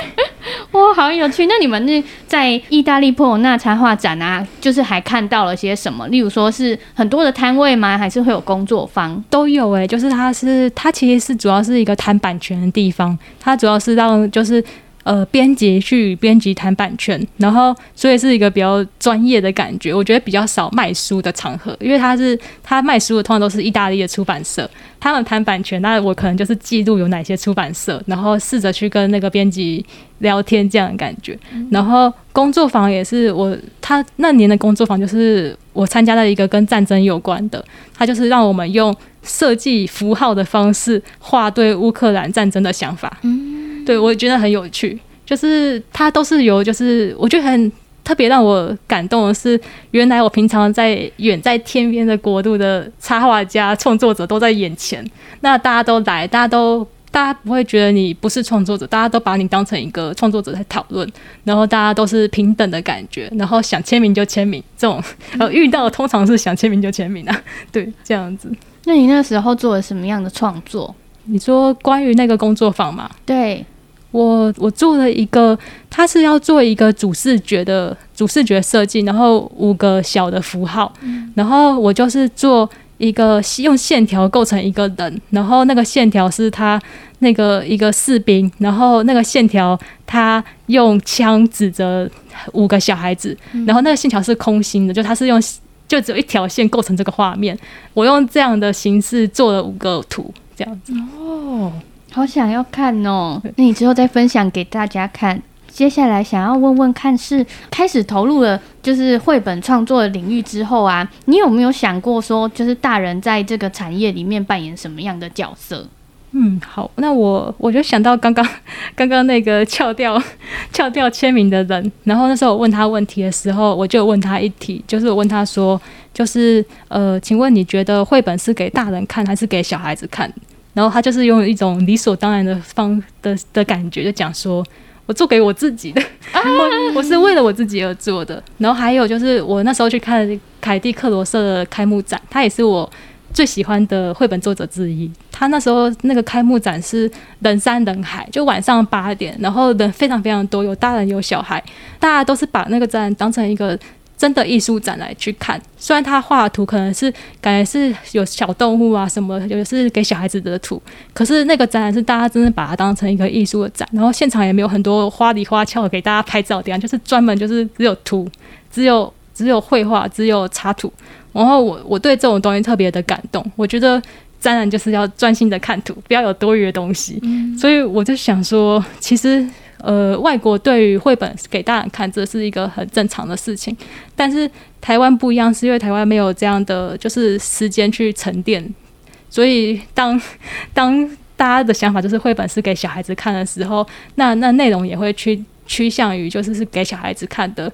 哇、 哦，好有趣！那你們那在意大利波隆納插畫展啊，就是還看到了些什麼？例如說是很多的攤位嗎？還是會有工作坊？都有哎、欸，就是它是它其實是主要是一個談版權的地方，它主要是讓就是。呃，編輯去編輯談版權，然後所以是一個比較專業的感覺。我覺得比較少賣書的場合，因為他是他賣書的通常都是意大利的出版社，他們談版權，那我可能就是記錄有哪些出版社，然後試着去跟那個編輯聊天這樣的感覺。然後工作坊也是我他那年的工作坊就是我參加了一個跟戰爭有關的，他就是讓我們用設計符號的方式畫對烏克蘭戰爭的想法。嗯對，我也覺得很有趣，就是它都是有，就是我覺得很特別讓我感動的是，原來我平常在遠在天邊的國度的插畫家創作者都在眼前，那大家都來，大家都大家不會覺得你不是創作者，大家都把你當成一個創作者在討論，然後大家都是平等的感覺，然後想簽名就簽名，這種然後、呃、遇到通常是想簽名就簽名啊，對，這樣子。那你那時候做了什麼樣的創作？你說關於那個工作坊嗎？對。我我做了一個，他是要做一個主視覺的主視覺設計，然後五個小的符號，嗯、然後我就是做一個用線條構成一個人，然後那個線條是他那個一個士兵，然後那個線條他用槍指着五個小孩子，嗯、然後那個線條是空心的，就他是用就只有一條線構成這個畫面，我用這樣的形式做了五個圖，這樣子哦。好想要看哦！那你之後再分享給大家看。對接下來想要問問看，是開始投入了就是繪本創作的領域之後啊，你有沒有想過說，就是大人在這個產業裡面扮演什麼樣的角色？嗯，好，那我我就想到剛剛剛剛那個翹掉翹掉簽名的人，然後那時候我問他問題的時候，我就問他一題，就是我問他說，就是呃，請問你覺得繪本是給大人看還是給小孩子看？然後他就是用一種理所當然的方的的，的感覺，就講說：“我做給我自己的，我、啊、 我是為了我自己而做的。”然後還有就是我那時候去看凱蒂·克羅瑟的開幕展，他也是我最喜歡的繪本作者之一。他那時候那個開幕展是人山人海，就晚上八點，然後人非常非常多，有大人有小孩，大家都是把那個展當成一個。真的藝術展來去看，雖然他畫的圖可能是感覺是有小動物啊什麼的，就是給小孩子的圖，可是那個展覽是大家真的把它當成一個藝術的展，然後現場也沒有很多花裡花俏給大家拍照的樣子，就是專門就是只有圖，只有只有繪畫，只有插圖。然後我我對這種東西特別的感動，我覺得展覽就是要專心的看圖，不要有多餘的東西。所以我就想說，其實。呃，外國對於繪本給大人看，這是一個很正常的事情。但是台灣不一樣，是因為台灣沒有這樣的就是時間去沉澱。所以當當大家的想法就是繪本是給小孩子看的時候，那那內容也會趨趨向於就是是給小孩子看的。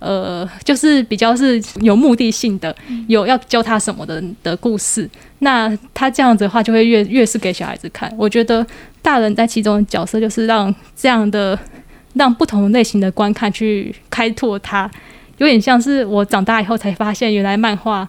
呃，就是比較是有目的性的，有要教他什麼的的故事。那他這樣子的話，就會越越是給小孩子看。我覺得。大人在其中的角色就是讓這樣的，讓不同類型的觀看去開拓它，有點像是我長大以後才發現，原來漫畫，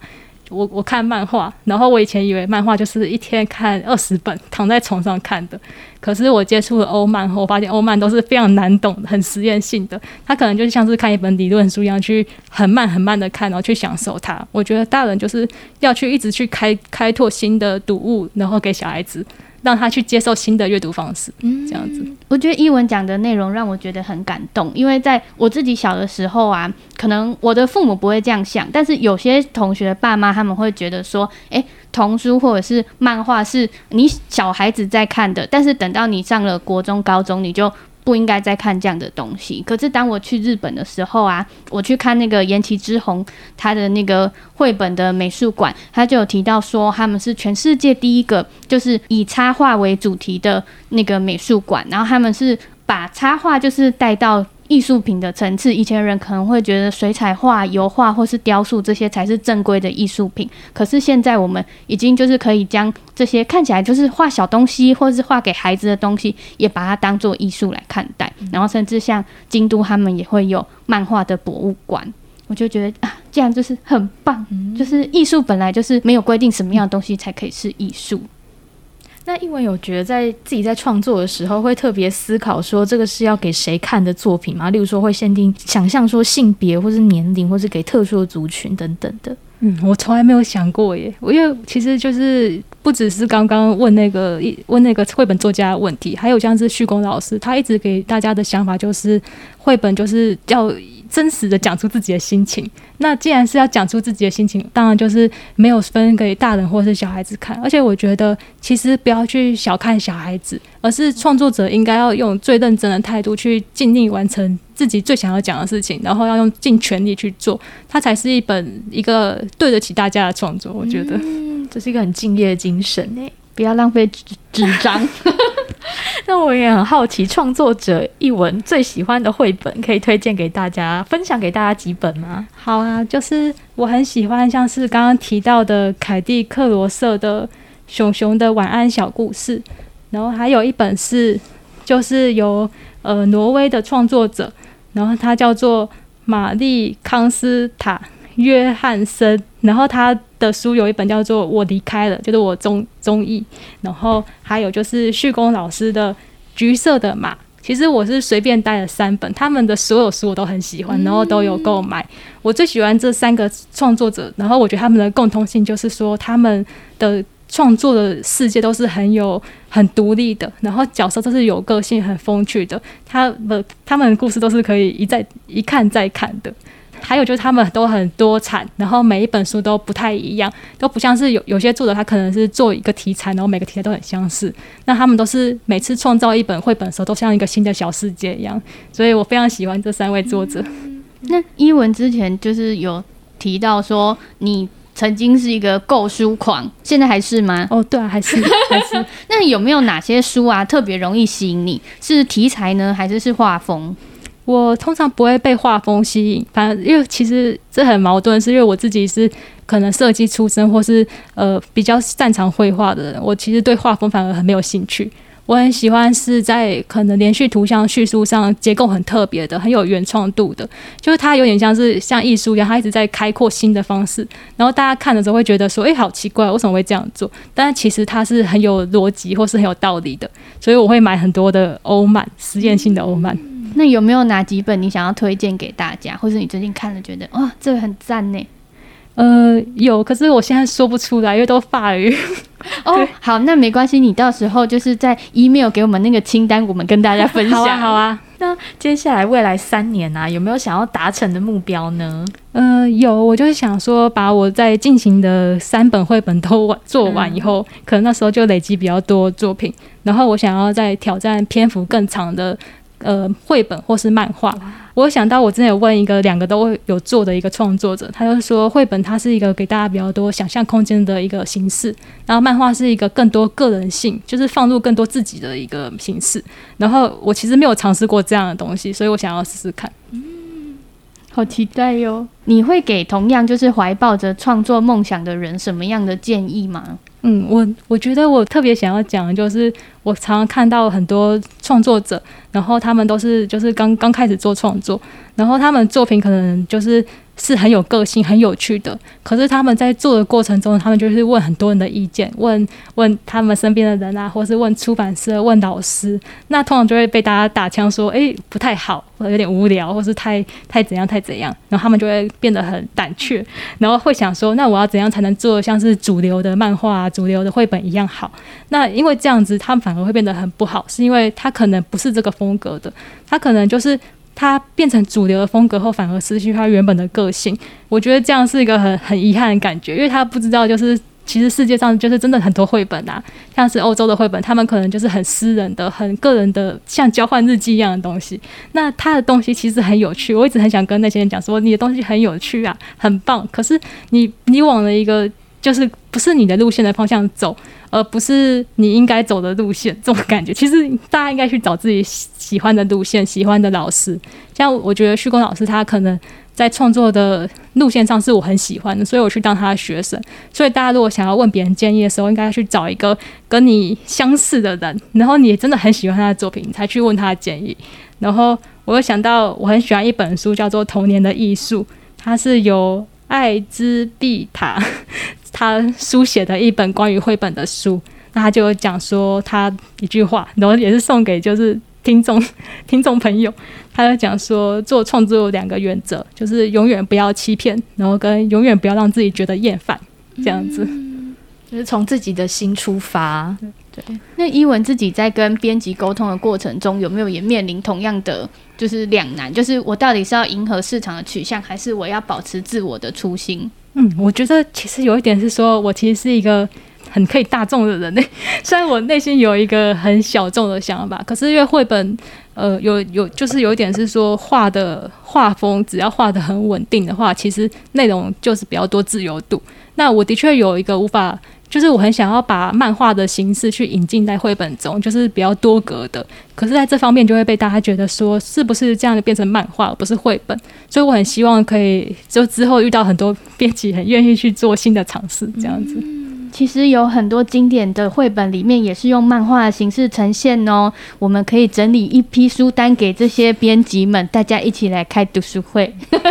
我我看漫畫，然後我以前以為漫畫就是一天看二十本，躺在床上看的。可是我接觸了歐漫後，我發現歐漫都是非常難懂、很實驗性的，他可能就像是看一本理論書一樣，去很慢很慢的看，然後去享受它。我覺得大人就是要去一直去開開拓新的讀物，然後給小孩子。讓他去接受新的閱讀方式，嗯，這樣子。我覺得一文講的內容讓我覺得很感動，因為在我自己小的時候啊，可能我的父母不會這樣想，但是有些同學的爸媽他們會覺得說，哎、欸，童書或者是漫畫是你小孩子在看的，但是等到你上了國中、高中，你就。不應該再看這樣的東西。可是當我去日本的時候啊，我去看那個《岩崎知弘》他的那個繪本的美術館，他就有提到說，他們是全世界第一個就是以插畫為主題的那個美術館，然後他們是把插畫就是帶到。藝術品的層次，以前人可能會覺得水彩畫、油畫或是雕塑這些才是正規的藝術品。可是現在我們已經就是可以將這些看起來就是畫小東西或是畫給孩子的東西，也把它當做藝術來看待。嗯、然後甚至像京都，他們也會有漫畫的博物館。我就覺得啊，這樣就是很棒，嗯、就是藝術本來就是沒有規定什麼樣的東西才可以是藝術。那一文有覺得在自己在創作的時候會特別思考說這個是要給誰看的作品嗎？例如說會限定想象說性別或是年齡，或是給特殊的族群等等的。嗯，我從來沒有想過耶。我又其實就是不只是剛剛問那個一問那個繪本作家的問題，還有像是旭恭老師，他一直給大家的想法就是繪本就是要。真實的講出自己的心情。那既然是要講出自己的心情，當然就是沒有分給大人或是小孩子看。而且我覺得，其實不要去小看小孩子，而是創作者應該要用最認真的態度去盡力完成自己最想要講的事情，然後要用盡全力去做，它才是一本一個對得起大家的創作。我覺得。嗯，這是一個很敬業的精神。不要浪費紙紙張。那 我也很好奇，創作者一文最喜歡的繪本，可以推薦給大家，分享給大家幾本嗎？好啊，就是我很喜歡，像是剛剛提到的凱蒂克羅瑟的《熊熊的晚安小故事》，然後還有一本是，就是由呃挪威的創作者，然後他叫做瑪麗康斯塔約翰森。然後他的書有一本叫做《我離開了》，就是我中中意。然後還有就是旭恭老師的《橘色的馬》。其實我是隨便帶了三本，他們的所有書我都很喜歡，然後都有購買。嗯、我最喜歡這三個創作者。然後我覺得他們的共通性就是說，他們的創作的世界都是很有很獨立的，然後角色都是有個性、很風趣的。他們他們的故事都是可以一再一看再看的。還有就是他們都很多產，然後每一本書都不太一樣，都不像是有有些作者他可能是做一個題材，然後每個題材都很相似。那他們都是每次創造一本繪本的時候，都像一個新的小世界一樣，所以我非常喜歡這三位作者。嗯，那一文之前就是有提到說，你曾經是一個購書狂，現在還是嗎？哦，對啊，還是還是。 那有沒有哪些書啊特別容易吸引你？是題材呢，還是是畫風？我通常不會被畫風吸引，反正因為其實這很矛盾，是因為我自己是可能設計出身，或是呃比較擅長繪畫的人，我其實對畫風反而很沒有興趣。我很喜歡是在可能連續圖像敘述上結構很特別的，很有原創度的，就是它有點像是像藝術一樣，它一直在開闊新的方式，然後大家看的時候會覺得說，哎、欸，好奇怪，為什麼會這樣做？但其實它是很有邏輯或是很有道理的，所以我會買很多的歐漫，實驗性的歐漫。那有沒有哪幾本你想要推薦給大家，或者你最近看了覺得哇、哦，這個很讚呢？呃，有，可是我現在說不出來，因為都法語。哦，對好，那沒關係，你到時候就是在 email 給我們那個清單，我們跟大家分享。 好啊，好啊。 那接下來未來三年啊，有沒有想要達成的目標呢？呃，有，我就是想說，把我在進行的三本繪本都做完以後，嗯、可能那時候就累積比較多作品，然後我想要再挑戰篇幅更長的。呃，繪本或是漫畫，我想到我之前有問一個兩個都會有做的一個創作者，他就說，繪本它是一個給大家比較多想象空間的一個形式，然後漫畫是一個更多個人性，就是放入更多自己的一個形式。然後我其實沒有嘗試過這樣的東西，所以我想要試試看。嗯，好期待喲！你會給同樣就是懷抱着創作夢想的人什麼樣的建議嗎？嗯，我我覺得我特別想要講的，就是我常常看到很多創作者，然後他們都是就是剛剛開始做創作，然後他們作品可能就是。是很有個性、很有趣的。可是他們在做的過程中，他們就是問很多人的意見，問問他們身邊的人啊，或是問出版社、問老師。那通常就會被大家打槍說：“欸，不太好，或者有點無聊，或是太、太怎樣、太怎樣。”然後他們就會變得很膽怯，然後會想說：“那我要怎樣才能做像是主流的漫畫啊、主流的繪本一樣好？”那因為這樣子，他們反而會變得很不好，是因為他可能不是這個風格的，他可能就是。它變成主流的風格後，反而失去它原本的個性。我覺得這樣是一個很很遺憾的感覺，因為他不知道，就是其實世界上就是真的很多繪本啊，像是歐洲的繪本，他們可能就是很私人的、很個人的，像交換日記一樣的東西。那他的東西其實很有趣，我一直很想跟那些人講說，你的東西很有趣啊，很棒。可是你你往了一個。就是不是你的路線的方向走，而不是你應該走的路線這種感覺。其實大家應該去找自己喜歡的路線、喜歡的老師。像我覺得旭恭老師，他可能在創作的路線上是我很喜歡的，所以我去當他的學生。所以大家如果想要問別人建議的時候，應該去找一個跟你相似的人，然後你也真的很喜歡他的作品，你才去問他的建議。然後我又想到，我很喜歡一本書，叫做《童年的藝術》，它是由艾姿碧塔。他書寫的一本關於繪本的書，那他就講說他一句話，然後也是送給就是聽眾聽眾朋友，他就講說做創作有兩個原則，就是永遠不要欺騙，然後跟永遠不要讓自己覺得厭煩，這樣子，嗯、就是從自己的心出發。對，對那一文自己在跟編輯溝通的過程中，有沒有也面臨同樣的就是兩難，就是我到底是要迎合市場的取向，還是我要保持自我的初心？嗯，我覺得其實有一點是說，我其實是一個很可以大眾的人類。雖然我內心有一個很小眾的想法，可是因為繪本，呃，有有就是有一點是說，畫的畫風，只要畫得很穩定的話，其實內容就是比較多自由度。那我的確有一個無法。就是我很想要把漫畫的形式去引進在繪本中，就是比較多格的。可是在這方面就會被大家覺得說，是不是這樣就變成漫畫，而不是繪本？所以我很希望可以，就之後遇到很多編輯很願意去做新的嘗試這樣子。嗯，其實有很多經典的繪本裡面也是用漫畫的形式呈現哦、喔，我們可以整理一批書單給這些編輯們，大家一起來開讀書會。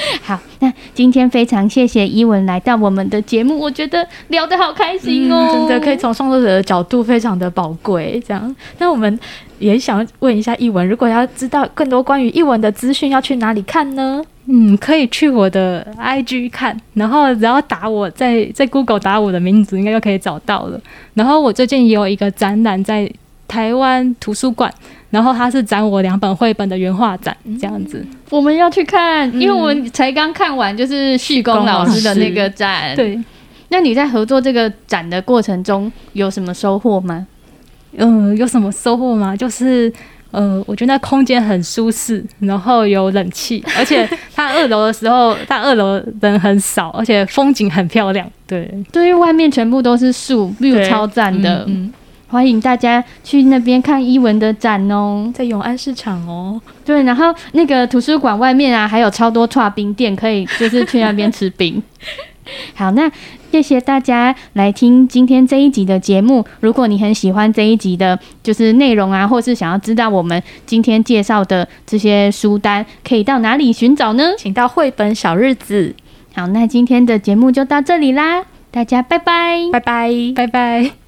好，那今天非常謝謝一文來到我們的節目，我覺得聊得好開心哦，嗯、真的可以從創作者的角度非常的寶貴。這樣，那我們也想問一下一文，如果要知道更多關於一文的資訊，要去哪裡看呢？嗯，可以去我的 IG 看，然後然後打我在在 Google 打我的名字，應該就可以找到了。然後我最近也有一個展覽在台灣圖書館。然後他是展我兩本繪本的原畫展，嗯、這樣子，我們要去看，嗯、因為我們才剛看完就是旭恭老師的那個展。對，那你在合作這個展的過程中有什麼收穫嗎？嗯、呃，有什麼收穫嗎？就是呃，我覺得那空間很舒適，然後有冷氣，而且他二樓的時候， 他二樓人很少，而且風景很漂亮。對，對於外面全部都是樹，超讚的。嗯。嗯歡迎大家去那邊看一文的展哦，在永安市場哦。對，然後那個圖書館外面啊，還有超多串冰店，可以就是去那邊吃冰。 好，那謝謝大家來聽今天這一集的節目。如果你很喜歡這一集的，就是內容啊，或是想要知道我們今天介紹的這些書單，可以到哪裡尋找呢？請到繪本小日子。好，那今天的節目就到這裡啦，大家拜拜，拜拜，拜拜。